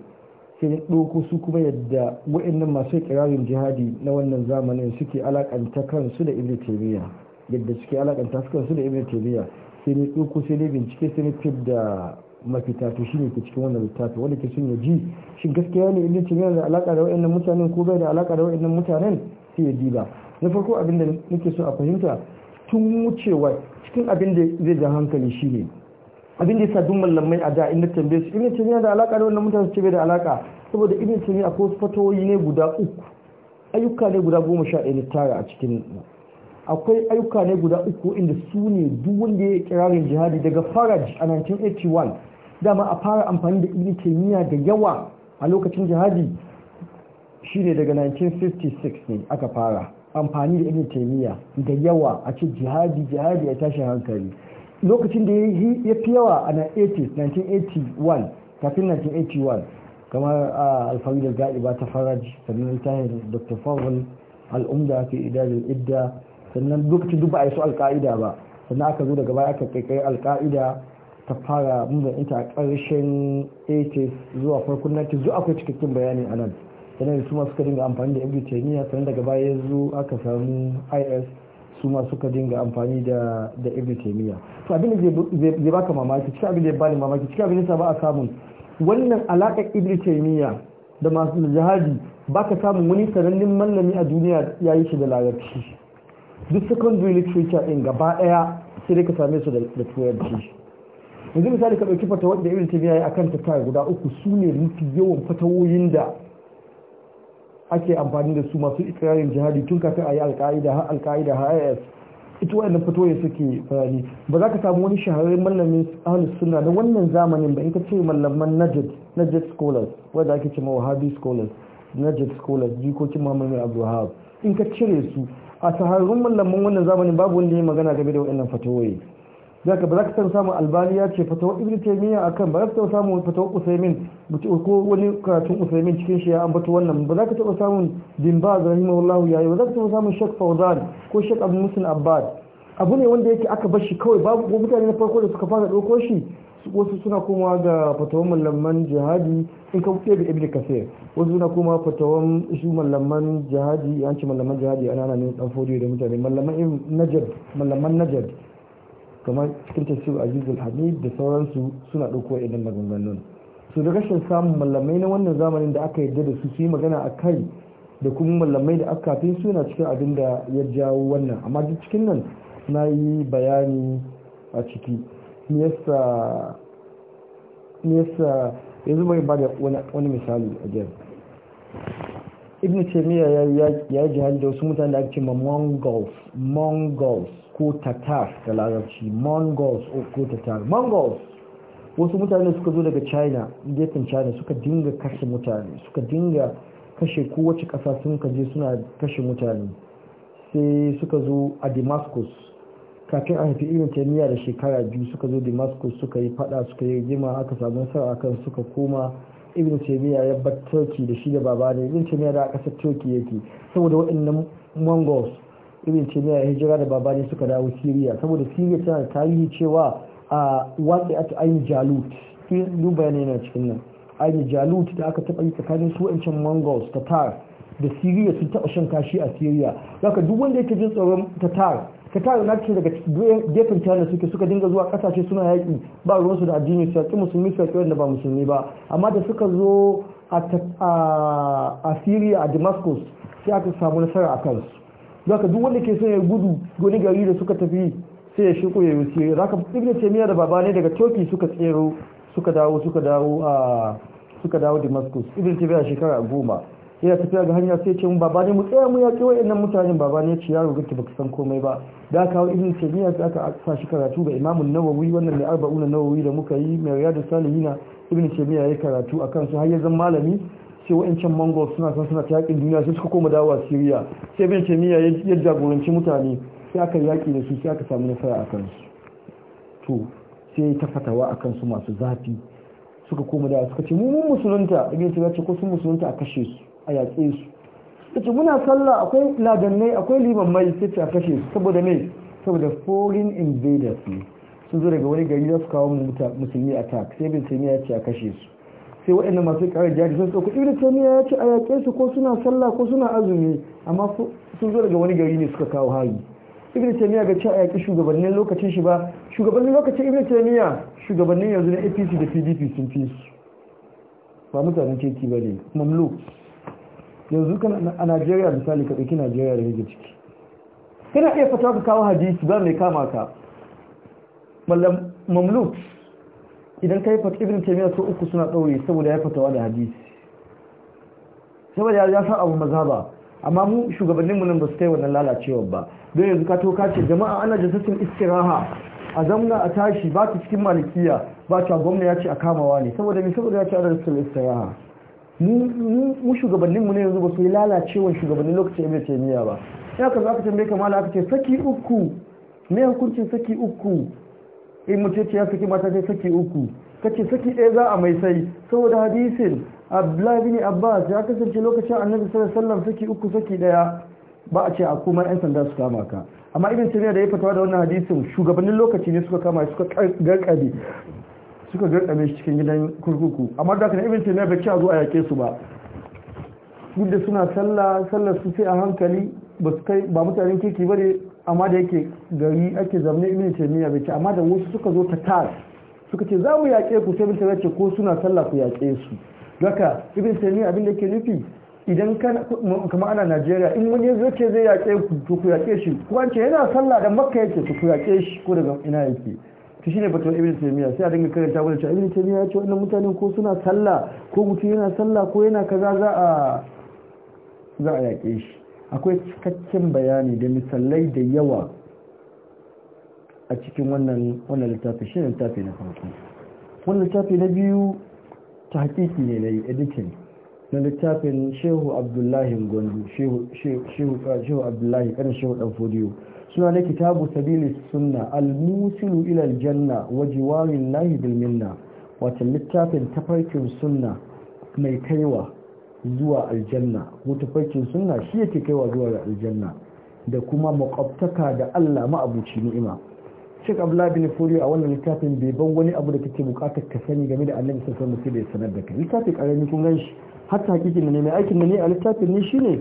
Speaker 1: sai ya ɗauko su kuma yadda wa'annan masu kirarin jihadi na wannan zamanin suke alakanta kansu da ibn taymiya yadda suke alakanta suka su da ibn taymiya sai ne tsoko sai ne bincike sai ne da mafita to shine ke cikin wannan littafi wanda ke sun ya ji shin gaskiya ne ibn taymiya da alaka da wayannan mutanen ko bai da alaka da wayannan mutanen sai ya diba na farko abin da nake so a fahimta tun wucewa cikin abin da zai ja hankali shine abin da yasa duk mallamai a da inda tambaye su ibn taymiya da alaka da wannan mutanen ce bai da alaka saboda ibn taymiya akwai fatoyi ne guda uku ayyuka ne guda goma sha ɗaya littara tara a cikin akwai ayyuka ne guda uku inda su ne duk wanda ya kirarin jihadi daga faraj a 1981 dama a fara amfani da ibn taymiya da yawa a lokacin jihadi shine daga 1956 ne aka fara amfani da ibn taymiya da yawa a ce jihadi jihadi ya tashi hankali lokacin da ya fi yawa a 80 1981 kafin 1981 kamar da ah, ga'iba ta faraj sannan ta dr fawon al'umda fi idar idda sannan lokacin duk ba a yi su alka'ida ba sannan aka zo daga baya aka kaikai alka'ida ta fara muzanta a ƙarshen 80s zuwa farkon 90s zuwa akwai cikakken bayani a nan sannan su masu dinga amfani da ibi taymiya sannan daga baya zo aka samu is su ma suka dinga amfani da ibi taimiyya to abin da zai baka mamaki cikin abin da ya bani mamaki cikin abin da ba a samun wannan alaƙar ibi taimiyya da masu jihadi baka samun wani sanannen mallami a duniya ya yi shi da larabci duk secondary literature din gaba daya sai dai ka same su da turanci yanzu misali ka ɗauki fatawar da irin tafiya a kan ta guda uku su ne mafi yawan fatawoyin da ake amfani da su masu ikirarin jihadi tun kafin a yi alka'ida har alka'ida har is ita wayannan su suke bayani ba za ka samu wani shahararren mallamin ahlus suna na wannan zamanin ba in ka ce mallaman najid najid scholars wanda ake cewa wahabi scholars najid scholars jikokin muhammad bin abdul in ka cire su a shahararrun mallamin wannan zamani babu wanda ya magana game da wa'annan fatawoyi zaka ba za ka san samun albaniya ce fatawa ibn taymiya akan ba za ka taɓa samun fatawa usaimin ko wani karatun usaimin cikin shi ya ambato wannan ba za ka taɓa samun dimba rahimahullahu yi ba za ka taɓa samun shek fauzan ko shek abu musin abbad abu ne wanda yake aka bar shi kawai babu mutane na farko da suka fara ɗauko shi wasu suna koma ga fatawan mallaman jihadi in ka kuke da ibn kasir wasu suna koma fatawan shi mallaman jihadi an ce mallaman jihadi ana ana dan fodiyo da mutane mallaman najad mallaman najad kamar cikin tafsir azizul hamid da sauransu suna ɗauko idan maganganun su da rashin samun mallamai na wannan zamanin da aka yarda da su su yi magana a kai da kuma mallamai da aka kafin suna cikin abin da ya jawo wannan amma duk cikin nan na yi bayani a ciki nesa nesa yanzu mai bada wani misali a jiyar ibn taimiyya ya yi jihar da wasu mutane da ake ma mongols mongols ko tatar da larabci mongols ko tatar mongols wasu mutane suka zo daga china gefen china suka dinga kashe mutane suka dinga kashe kowace kasa sun kaje suna kashe mutane sai suka zo a damascus kafin an fi ibn taymiya da shekara biyu suka zo damascus suka yi fada suka yi rigima aka samu a kan suka koma ibn taymiya ya bar turkey da shi da baba ne ibn taymiya da aka turkey yake saboda waɗannan mongols ibn taymiya ya hijira da baba ne suka dawo syria saboda syria tana da tarihi cewa a waɗe at ayin jalut duk bayani na cikin nan ayin jalut da aka taba yi tsakanin su wancan mongols tatar da syria sun taba shan kashi a syria zaka duk wanda yake jin tsoron tatar tatar united daga gefen china suke suka dinga zuwa kasashe suna yaƙi ba ruwansu da addini su yaƙi musulmi su yaƙi wanda ba musulmi ba amma da suka zo a syria a damascus sai aka samu nasara a kansu zaka duk wanda ke son ya gudu goni gari da suka tafi sai ya shiko ya yi syria zaka ibn taymiya da baba daga turkey suka tsero suka dawo suka dawo a suka dawo damascus ibn taymiya shekara goma yana tafiya ga hanya sai ce mu baba ne mu tsaya mu yaƙi wa'annan mutanen baba ne ci yaro ganki baka san komai ba da aka hau ibn taymiya sai aka sa shi karatu ga imamu nawawi wannan mai arba'un nawawi da muka yi mai riyadu salihina ibn taymiya ya karatu akan su har ya zama malami sai wa'ancan mango suna san suna yaƙin duniya sai suka koma dawowa siriya sai ibn taymiya ya jagoranci mutane sai aka yaƙi da su sai aka samu nasara akan su to sai ta fatawa akan su masu zafi suka koma da suka ce mu mun musulunta ibn taymiya ce ko sun musulunta a kashe su a yaƙe su ita muna sallah akwai ladannai akwai liman mai sai a kashe su saboda mai saboda foreign invaders ne sun zo daga wani gari za su kawo musulmi a tak sai bin taymiya ya ce a kashe su sai waɗannan masu ƙarar jihadi sun sauka ibn taymiya ya ce a yaƙe su ko suna sallah ko suna azumi amma sun zo daga wani gari ne suka kawo hari ibn taymiya ga ce a yaƙi shugabannin lokacin shi ba shugabannin lokacin ibn taymiya shugabannin yanzu na APC da PDP sun fi su ba mutanen keki ba ne mamluks yanzu kana a Najeriya misali ka ɗauki Najeriya da yake ciki kana iya fata ka kawo hadisi ba mai kama ka mallam mamluk idan kai fata ibn taymiya so uku suna daure saboda ya fatawa da hadisi saboda ya san abu mazhaba amma mu shugabannin mu nan ba su kai wannan lalacewa ba don yanzu ka to ka ce jama'a ana jasatin istiraha a zamna a tashi ba ta cikin malikiya ba ta gwamna ya ce a kamawa ne saboda me saboda ya ce ana jasatin istiraha mu mu ne yanzu ba su yi lalacewa shugabannin lokacin ibn taimiyya ba ya ka zaka tambaye kamala aka ce saki uku ne hukuncin saki uku in ce ya saki mata sai saki uku ce saki ɗaya za a mai sai saboda hadisin abdullahi ne abbas ya kasance lokacin annabi sallallahu alaihi saki uku saki ɗaya ba a ce a kuma yan sanda su kama ka amma ibn taymiya da ya fatawa da wannan hadisin shugabannin lokaci ne suka kama suka garkade suka garkame shi cikin gidan kurkuku amma da aka ibn taymiya bai ci a yake su ba duk da suna sallah sallar su sai a hankali ba su kai ba mutanen kirki ba ne amma da yake gari ake zamne ibn taymiya bai ci amma da wasu suka zo ta tar suka ce za mu yaƙe ku sai ibn ce ko suna sallah ku yaƙe su haka ibn taymiya abin da yake nufi idan kama ana najeriya in wani zo ce zai yaƙe ku to ku yaƙe shi ko an ce yana sallah da makka yake ku yaƙe shi ko daga ina yake ta shine fatwa ibn taymiya sai a dinga karanta mana cewa ibn taymiya ya ce wannan mutanen ko suna sallah ko mutum yana sallah ko yana kaza za a za a yaƙe shi akwai cikakken bayani da misalai da yawa a cikin wannan wannan littafi shine littafi na farko wannan littafi na biyu ta hakiki ne na editing na littafin shehu abdullahi gondu shehu abdullahi kanin shehu dan fodiyo suna na kitabu sabili sunna al-musilu ila aljanna wa jiwarin lahi bil minna wata littafin tafarkin sunna mai kaiwa zuwa aljanna ko tafarkin sunna shi yake kaiwa zuwa aljanna da kuma makwabtaka da Allah ma'abuci ni'ima Sheikh Abdullah bin Furi a wannan littafin bai ban wani abu da kake bukatar ka sani game da Annabi sallallahu alaihi wasallam sai da sanar da kai littafin karami kun ganshi hatta hakikin ne mai aikin ne a littafin ne shine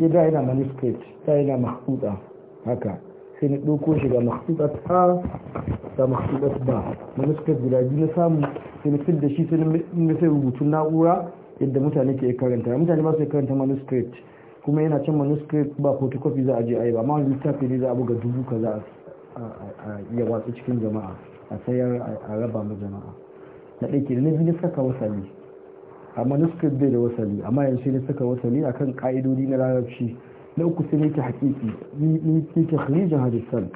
Speaker 1: ya da yana manuscript ta yana makhtuta haka sai na doko shi ga makhtutat ta da makhtutat ba manuscript guda biyu na samu sai na fit da shi sai na sai rubutun na'ura yadda mutane ke karanta mutane ba su karanta manuscript kuma yana can manuscript ba photocopy za a je a yi ba amma littafi ne za a buga dubu kaza a iya watsa cikin jama'a a sayar a raba ma jama'a na ɗauke da na biyu na saka wasa ne amma manuscript bai da wasali amma yanzu ne suka wasali akan ka'idodi na larabci na uku sai yake hakiki ni yake hadisan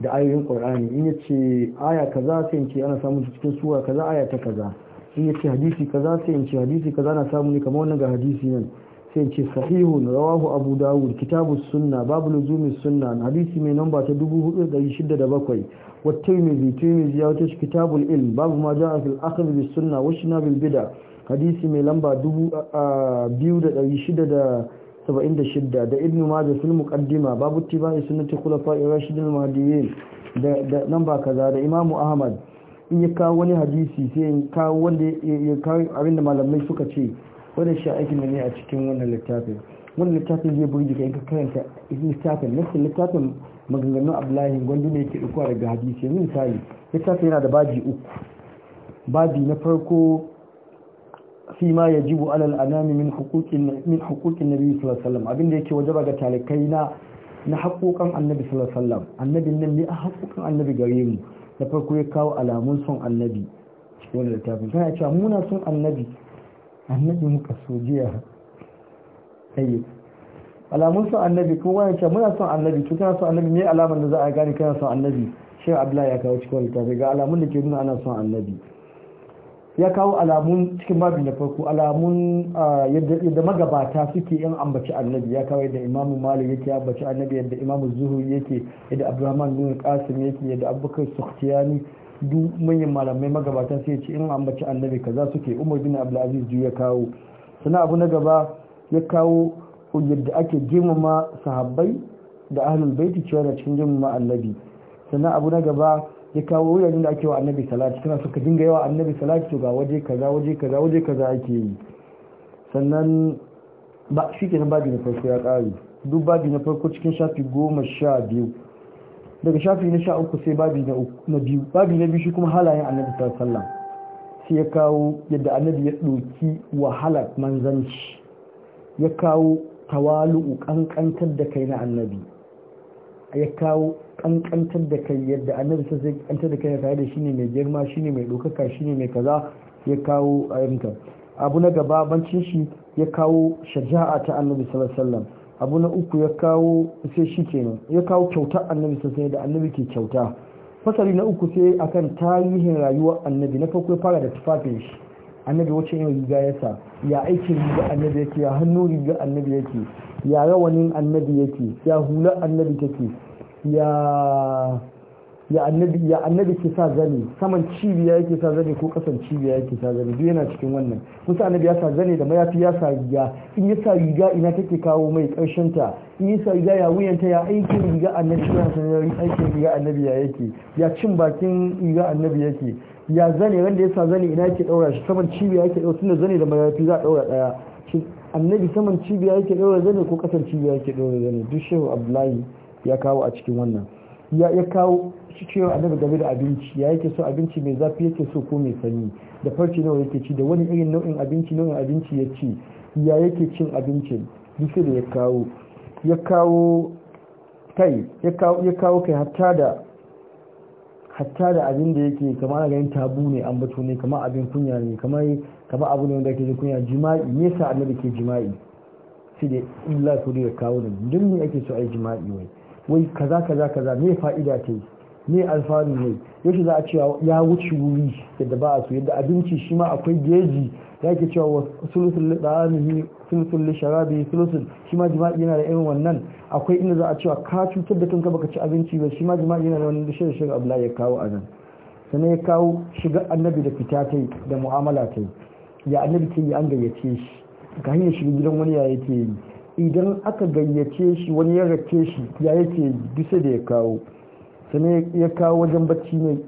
Speaker 1: da ayoyin qur'ani in yace aya kaza sai in ce ana samun cikin sura kaza aya ta kaza in yace hadisi kaza sai in ce hadisi kaza na samu ne kamar wannan ga hadisi nan sai ce sahihun rawahu abu dawud kitabu sunna babu luzumi sunna hadisi mai namba ta 4607 wa tirmidhi tirmidhi ya wata kitabu ilm babu ma jaa fil akhdh bis sunna wa shina bil bid'a hadisi mai lamba 2676 da ibnu majah fil muqaddima babu tibai sunnati khulafa'ir rashidin mahdiyyin da da namba kaza da imam ahmad in ya kawo wani hadisi sai ya kawo wanda ya kawo abinda malamai suka ce wannan shi aikin da ne a cikin wannan littafin wannan littafin zai burge ka in ka karanta littafin nassin littafin maganganun abdullahi gwandu ne ke ɗaukuwa daga hadisi yanzu misali littafin yana da baji uku babi na farko fi ma ya jibu alal anami min hukukin nabi sallallahu abinda yake wajaba ga talakai na na haƙoƙan annabi sallallahu annabin nan ne a haƙoƙan annabi gare mu na farko ya kawo alamun son annabi cikin wannan littafin kana cewa muna son annabi annabi muka so jiya ayi alamun son annabi kuma wani ce muna son annabi to kana son annabi me alamar da za a gane kana son annabi shi abdullahi ya kawo cikin littafi ga alamun da ke nuna ana son annabi ya kawo alamun cikin babu na farko alamun yadda magabata suke yan ambaci annabi ya kawo yadda imamu malik yake ambaci annabi yadda imamu zuhu yake yadda abdurrahman bin qasim yake yadda abubakar sukhtiyani duk manyan malamai magabatan sai ce in ambaci annabi kaza suke umar bin abdulaziz ya kawo suna abu na gaba ya kawo yadda ake girmama sahabbai da ahlul baiti cewa na cikin girmama annabi sannan abu na gaba ya kawo wuraren da ake wa annabi salati suna suka dinga yawa annabi salati to ga waje kaza waje kaza waje kaza ake yi sannan ba shi nan babi na farko ya ƙare duk babi na farko cikin shafi goma sha biyu daga shafi na sha uku sai babi na biyu babi na biyu shi kuma halayen annabi sallallahu alaihi sai ya kawo yadda annabi ya doki wahalar manzanci ya kawo tawalu'u kankantar da kai na annabi ya kawo kankantar da kai yadda annabi sai sai kankantar da kai tare da shi ne mai girma shi ne mai ɗaukaka ne mai kaza ya kawo eh, ayyuka abu na gaba bancin shi ya kawo shaja'a ta annabi sallallahu alaihi abu na uku ya kawo sai shi kenan ya kawo kyauta annabi sosai da annabi ke kyauta fasali na uku sai akan tarihin rayuwar annabi na farko ya fara da tufafin shi annabi wacce yin riga ya sa ya aikin riga annabi yake ya hannu riga annabi yake ya rawanin annabi yake ya hula annabi take ya ya annabi ya annabi ke sa zane saman cibiya yake sa zane ko kasan cibiya yake sa zane duk yana cikin wannan kusa annabi ya sa zane da mayafi ya sa riga in ya sa riga ina take kawo mai karshen ta in ya sa riga ya wuyanta ya aiki riga annabi ya san aikin riga annabi ya yake ya cin bakin riga annabi yake ya zane wanda ya sa zane ina yake daura shi saman cibiya yake daura tunda zane da mayafi za a daura daya annabi saman cibiya yake daura zane ko kasan cibiya yake daura zane duk shehu abdullahi ya kawo a cikin wannan ya kawo shi cewa annabi game da abinci ya yake so abinci mai zafi yake so ko mai sanyi da farce nawa yake ci da wani irin nau'in abinci nau'in abinci ya ci ya yake cin abincin duk da ya kawo ya kawo kai ya kawo kai hatta da hatta da abin da yake kama ana ganin tabu ne an bato ne kama abin kunya ne kama kama abu ne wanda ke jin kunya jima'i me sa annabi ke jima'i sai da illa ko da kawo ne duk ne ake so ai jima'i wai wai kaza kaza kaza me fa'ida ta yi ne alfanu ne yake za a cewa ya wuce wuri yadda ba a so yadda abinci shi ma akwai geji ya ke cewa sulusul ne sulusul sharabi sulusul shi ma jima'i yana da irin wannan akwai inda za a cewa ka cutar da kanka baka ci abinci ba shi ma jima'i yana da wani da shirin shirin abla ya kawo a nan sannan ya kawo shiga annabi da fita ta yi da mu'amala ta yi ya annabi ta yi an gayyace shi ka hanyar shiga gidan wani ya yake yi idan aka gayyace shi wani ya rake shi ya yake bisa da ya kawo sani ya kawo wajen bacci ne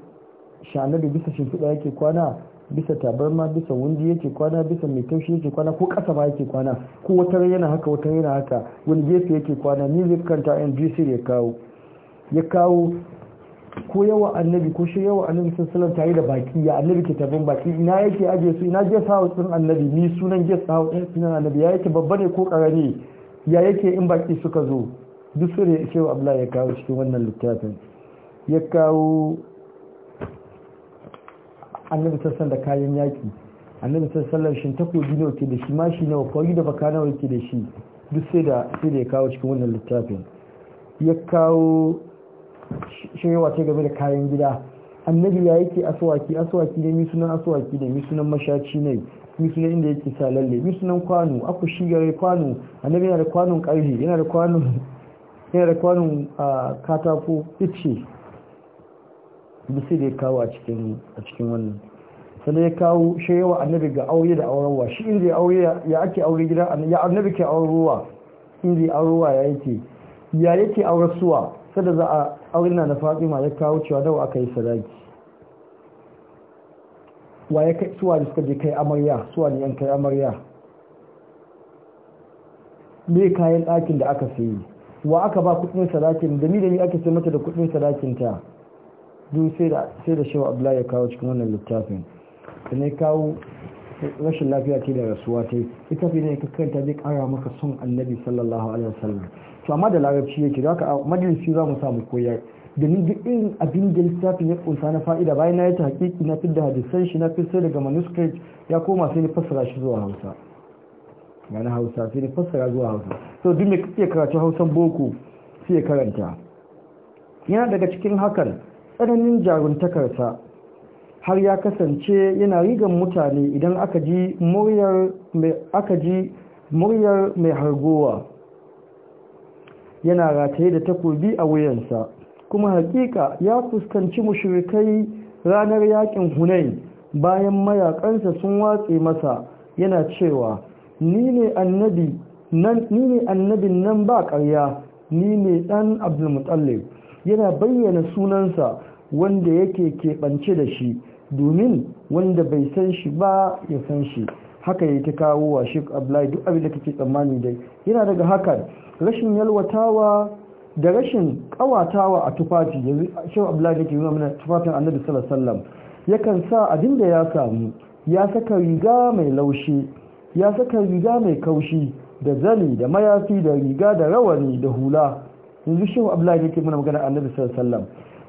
Speaker 1: sha'anar da bisa shimfiɗa yake kwana bisa tabarma bisa wundi yake kwana bisa mai taushi yake kwana ko ƙasa ba yake kwana ko wata yana haka wata yana haka wani gefe yake kwana ni zai kanta ndc ya kawo ya kawo ko yawa annabi ko shi yawa annabi sun salam tare da baki ya annabi ke tabin baki ina yake ajiye su ina gesa house din annabi ni sunan gesa house din sunan annabi ya yake babba ne ko karami ya yake in baki suka zo duk su ne wa abdullahi ya kawo cikin wannan littafin ya kawo annabi sassan da kayan yaki annabi sassan shin takobi nawa ke da shi ma shi nawa kwari da baka nawa ke da shi duk sai da sai da ya kawo cikin wannan littafin ya kawo shirwa ta game da kayan gida annabi ya yake asuwaki asuwaki ne mi sunan aswaki ne mi sunan mashaci ne mi sunan inda yake sa lalle mi sunan kwano aku shigare kwano annabi yana da kwanon ƙarfi yana da kwanon yana da kwanon ah, katako ice duk sai da ya kawo a cikin wannan sannan ya kawo shewa annabi ga aure da aurewa shi inda ya aure ya ake aure gidan annabi ya annabi ke aurewa inda ya aurewa ya yake ya yake aurarsuwa sada za a aurina na Fatima ya kawo cewa dawa aka yi sadaki wa ya kai suwa da suka je kai amarya suwa ne yan kai amarya me kayan ɗakin da aka sayi wa aka ba kuɗin sadakin da ni da ni ake sai mata da kuɗin sadakin ta duk sai da shewa abdullahi ya kawo cikin wannan littafin da sannan kawo rashin lafiya ce da rasuwa ta ita fi ne ka kanta zai kara maka son annabi sallallahu alaihi wasallam to amma da larabci yake da haka majalisi za mu samu koyar da ni duk irin abin da littafin ya kunsa na fa'ida bayan na yi ta hakiki na fi da hadisan shi na fi sai daga manuscript ya koma sai ni fassara shi zuwa hausa na hausa sai ni fassara zuwa hausa to duk mai kake karatu hausan boko sai ya karanta yana daga cikin hakan tsananin jaruntakarsa har ya kasance yana rigan mutane idan aka ji muryar mai hargowa yana rataye da takobi a wuyansa kuma hakika ya fuskanci mushirikai ranar yakin hunain bayan mayakansa sun watse masa yana cewa ni ne annabin nan ba ƙarya ni ne ɗan abdulmutallib yana bayyana sunansa wanda yake keɓance da shi domin wanda bai san shi ba ya san shi haka ya ta kawo wa shi ablai duk abin da kake tsammani dai yana daga haka rashin yalwatawa da rashin kawatawa a tufafi yanzu shek ablai yake ke mana tufafin annabi sallallahu yakan sa abin da ya samu ya saka riga mai laushi ya saka riga mai kaushi da zani da mayafi da riga da rawani da hula yanzu shehu abdullahi ne ke muna magana annabi sallallahu alaihi wasallam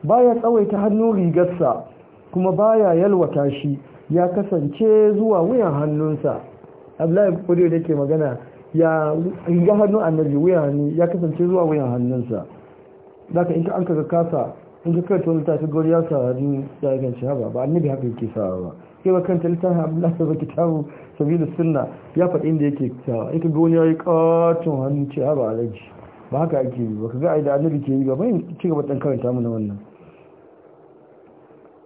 Speaker 1: baya tsawaita hannun rigarsa kuma baya yalwata shi ya kasance zuwa wuyan hannunsa abdullahi kudi da ke magana ya riga hannun annabi wuyan hannu ya kasance zuwa wuyan hannunsa zaka in ka an kaga kasa in ka kai tun ta gori ya sa hannu ya yi ganci haba ba annabi haka yake sawa ba sai ba kanta littafin abdullahi ba kitabu sabilu sunna ya faɗi inda yake sa in ka goni ya yi katon hannu ce haba alaji ba haka ake yi ba ka ga da annabi ke yi ba bayan ci gaba dan karanta mana wannan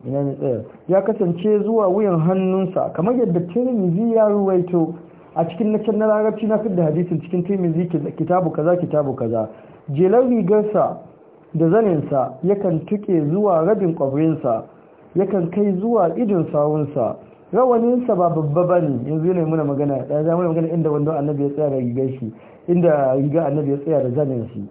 Speaker 1: ina ne tsaya ya kasance zuwa wuyan hannunsa kamar yadda tirmizi ya ruwaito a cikin na can na larabci na fidda hadisin cikin tirmizi kitabu kaza kitabu kaza jelar rigarsa da zaninsa yakan tuke zuwa rabin kwabrinsa yakan kai zuwa idon sawunsa rawanin sa ba babba ba ne yanzu yana muna magana ya zama magana inda wanda annabi ya tsaya da rigar shi inda rigar annabi ya tsaya da zanen shi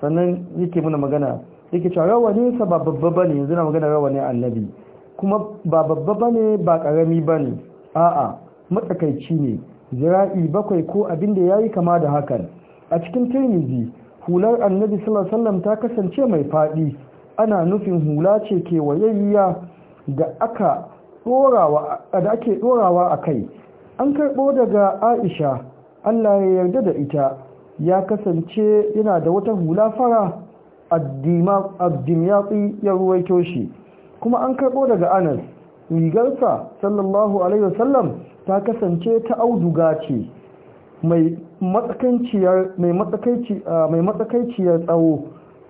Speaker 1: sannan yake muna magana yake cewa rawanin sa ba babba ba ne yanzu na magana rawanin annabi kuma ba babba ba ne ba karami ba ne a'a matsakaici ne zira'i bakwai ko abin da yayi kama da hakan a cikin tirmizi hular annabi sallallahu alaihi wasallam ta kasance mai fadi ana nufin hula ce ke wayayya da aka da ake ɗorawa a kai an karɓo daga aisha allah ya yarda da ita ya kasance yana da wata hula fara abdimyatsi ya ruwaito shi kuma an karɓo daga anas rigarsa sallallahu alaihi wasallam ta kasance ta auduga ce mai matsakaiciyar tsawo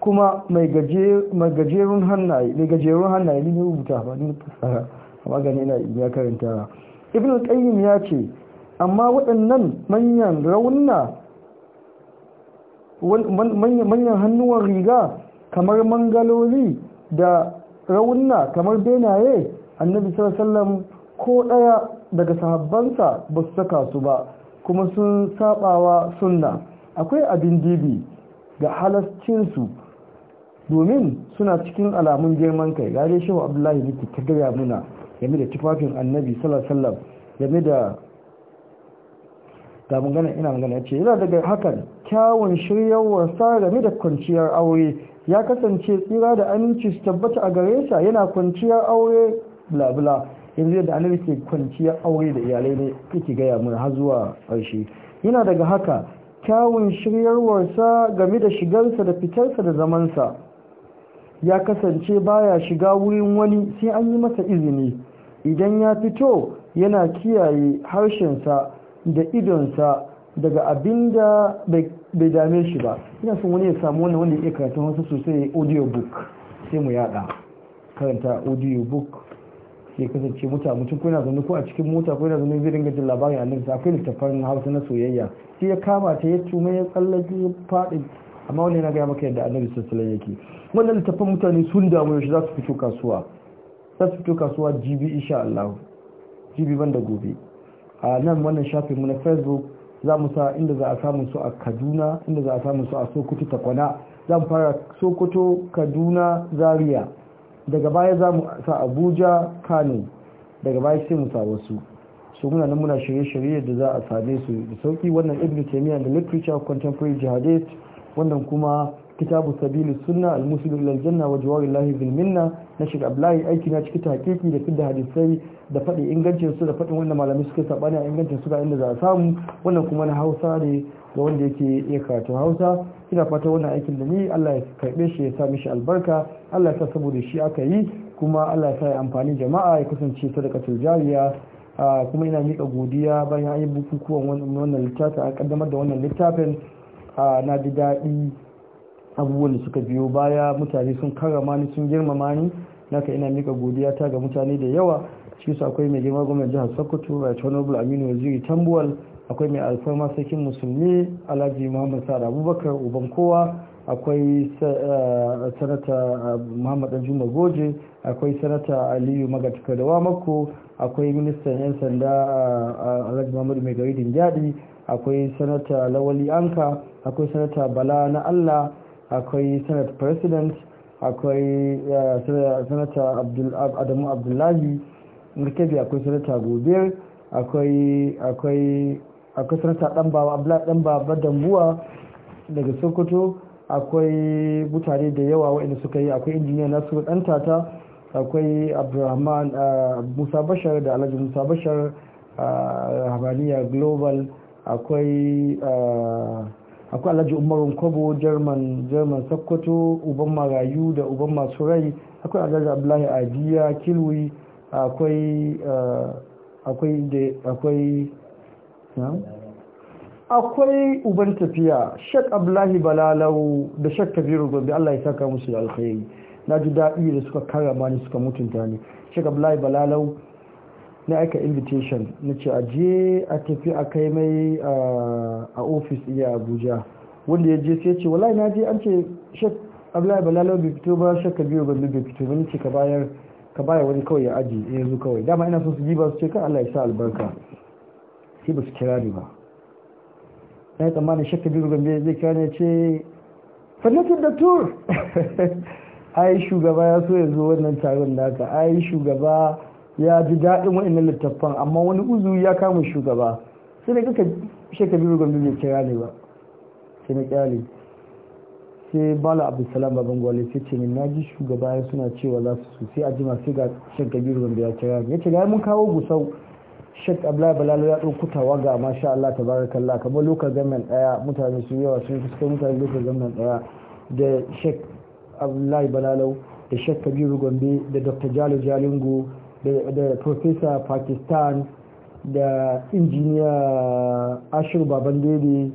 Speaker 1: kuma mai gajerun hannaye mai gajerun hannaye ne rubuta ba ne fasara magani na ya karanta ibn al-qayyim ya ce amma waɗannan manyan raunna manyan hannuwan riga kamar mangaloli da raunna kamar benaye annabi sallallahu ko ɗaya daga sahabbansa ba su saka su ba kuma sun sabawa sunna akwai abin dibi ga halascinsu domin suna cikin alamun girman kai gare wa abdullahi ne ta gaya muna game da tufafin annabi game da magana ina magana ya ce yana daga hakan kyawun shiryawarsa game da kwanciyar aure ya kasance tsira da aminci su tabbata a gare sa yana kwanciyar aure blabla yanzu yadda annabi ke kwanciyar aure da iyalai ne yake gaya mun har zuwa ƙarshe yana daga haka kyawun shiryarwarsa game da shigarsa da fitarsa da zamansa ya kasance baya shiga wurin wani sai an yi masa izini idan ya fito yana kiyaye harshensa da idonsa daga abin da bai dame shi ba ina son wani ya samu wani wanda ya karanta wasu sosai audio book sai mu yada karanta audio book sai kasance mota mutum kuna yana zaune ko a cikin mota ko yana zaune zai gajin labarin annin sai akwai littafan hausa na soyayya sai ya kama ta ya tuma ya tsallake ya faɗi amma wani yana gaya maka yadda annabi sallallahu alaihi yake wannan littafan mutane sun damu yaushe za su fito kasuwa za fito kasuwa jibi insha Allah jibi banda gobe a nan wannan shafin mu na facebook za mu sa inda za a samu su a kaduna inda za a samu su a sokoto takwana za mu fara sokoto kaduna zaria daga baya za mu sa abuja kano daga baya sai mu sa wasu so muna nan muna shirye-shirye da za a same su da sauki wannan ibn taymiyyah da literature of contemporary jihadist wannan kuma kitabu sabilu sunna al-muslim ila janna wa jawarillahi bil minna na shiga ablayi aiki na cikin hakiki da fidda hadisai da faɗi ingancin su da faɗin wanda malami suke sabani a ingancin su ga inda za a samu wannan kuma na hausa ne ga wanda yake iya karatu hausa ina fata wannan aikin da ni Allah ya karbe shi ya sa mishi albarka Allah ya sa saboda shi aka yi kuma Allah ya sa ya amfani jama'a ya kasance sadaqatul jariya kuma ina miƙa godiya bayan an yi bukukuwan wannan littafin a kaddamar da wannan littafin na ji daɗi abubuwan da suka biyo baya mutane sun karama ni sun girmama ni naka ina mika godiya ta ga mutane da yawa shi su akwai mai girma gwamnan jihar sokoto right tonobul aminu waziri tambuwal akwai mai alfarma sakin musulmi alhaji muhammad sa'ad abubakar uban kowa akwai eh, sanata eh, muhammad juma goje akwai sanata aliyu magatakadawa mako akwai ministan yan sanda eh, alhaji muhammad mai gari din dingyadi akwai sanata lawali anka akwai sanata bala na allah akwai senate president akwai eh, sanata adamu abdullahi murkabi akwai sanata gobe akwai sanata ɗanbawa abdullahi dambuwa daga sokoto akwai mutane da yawa waɗanda suka yi akwai injiniya nasiru ɗantata akwai abdulrahman eh, musa bashar da alhaji musa bashar eh, a global akwai akwai alhaji umarun kobo german german sokoto uban marayu da uban masu rai akwai alhaji abdullahi ajiya kilwi akwai eh, akwai da akwai akwai uban tafiya shek abdullahi balalau da shek kabiru gobe allah ya saka musu da alkhairi na ji daɗi da suka karama ni suka mutunta ni shek abdullahi balalau na aika invitation na ce a je a tafi a kai mai a ofis iya abuja wanda ya je sai ce wallahi na je an ce shek abdullahi balala bai fito ba shek kabiru ballu bai fito ba ce ka bayar ka bayar wani kawai ya aji eh, ya zo kawai dama ina so su ji ba su ce ka allah ya sa albarka sai ba su kira ni ba na yi tsammanin shek kabiru gambe zai kira ne ce fannatin da tur ai shugaba ya so ya zo wannan taron naka ai shugaba ya ji daɗin wa'annan littattafan amma wani uzuri ya kama shugaba sai da kaka shekaru gombe bai kira ne ba sai na kyale sai bala abdulsalam baban gwale sai ce min naji shugaba ya suna cewa za su sai a jima sai ga shekaru kabiru gombe ya kira ne ya ce gaya mun kawo gusau shek abdullahi balalo ya ɗauki tawa ga masha allah ta kalla kamar lokal gamen ɗaya mutane su yawa sun fuskar mutane lokal gamen ɗaya da shek abdullahi balalo da shek kabiru gombe da dr jalo jalingo da profesa pakistan da injiniya ashir babangere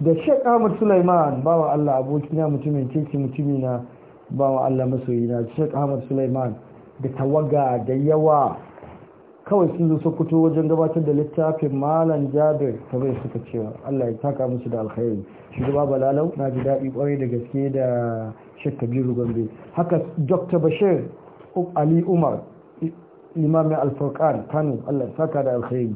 Speaker 1: da sheik ahmad sulaiman bawa allah abokina mutumin kirki mutumina bawa allah na sheik ahmad sulaiman da tawaga da yawa kawai sun zo sokoto wajen gabatar da littafin malam jabir kamar suka cewa allah ya taka musu da alkhairi shugaba balalau na ji daɗi kwarai da gaske da shek kabiru gombe haka dr bashir ali umar al-furqan kano allah saka da alkhairi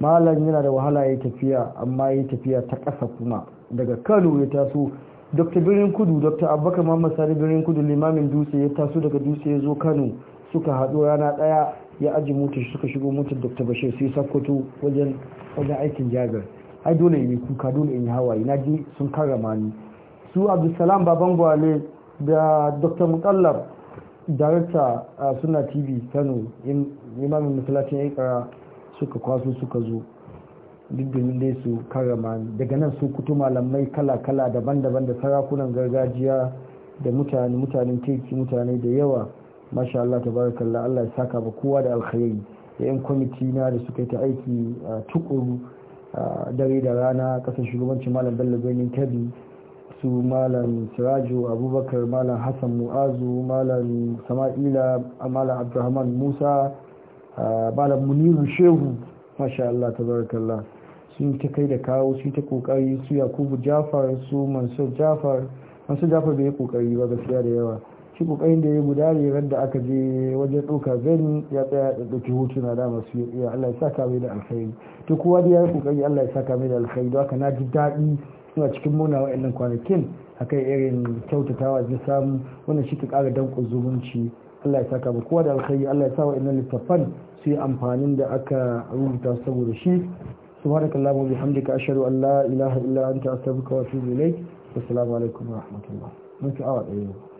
Speaker 1: malam yana da wahala ya tafiya amma ya tafiya ta ƙasa kuma daga kano ya taso dr birnin kudu dr abubakar muhammad sani birnin kudu limamin dutse ya taso daga dutse ya zo kano suka haɗo rana ɗaya ya aji mota suka shigo motar dr bashir sai sakkwato wajen wajen aikin jagar ai dole in yi kuka dole in yi hawaye na ji sun karrama ni su abdulsalam baban gwale da dr mutallab darakta a suna tv kano imamin masallacin kara suka kwaso suka zo duk da nile su karama daga nan sun kutu malamai kala-kala daban-daban da sarakunan gargajiya da mutane mutanen kirki mutane da yawa masha Allah kalla Allah ya saka ba kowa da alkhairi da yan kwamiti na da suka yi ta aiki tukuru dare da rana kasar shugabancin malam bello birnin kebbi su malam siraju abubakar malam hassan mu'azu malam sama'ila malam abdurrahman musa malam muniru shehu masha Allah tabarakallah sun ta kai da kawo sun ta kokari su yakubu jafar su mansur jafar mansur jafar bai yi kokari ba gaskiya da yawa shi kokarin da ya guda ne da aka je wajen ɗauka zan ya tsaya da ɗauki hotuna da masu ya Allah ya saka mai da alkhairi to kowa da ya yi kokari Allah ya saka mai da alkhairi don haka na ji daɗi suna cikin muna wa'annan kwanakin akai irin kyautatawa da samu wanda shi ka kara danƙon zumunci Allah ya saka kowa da alkhairi Allah ya sa wa'annan littafan su yi amfanin da aka rubuta saboda shi su allahumma bihamdika ashhadu an la ilaha illa anta astaghfiruka wa atubu ilaik assalamu alaikum wa rahmatullah mun awa ɗaya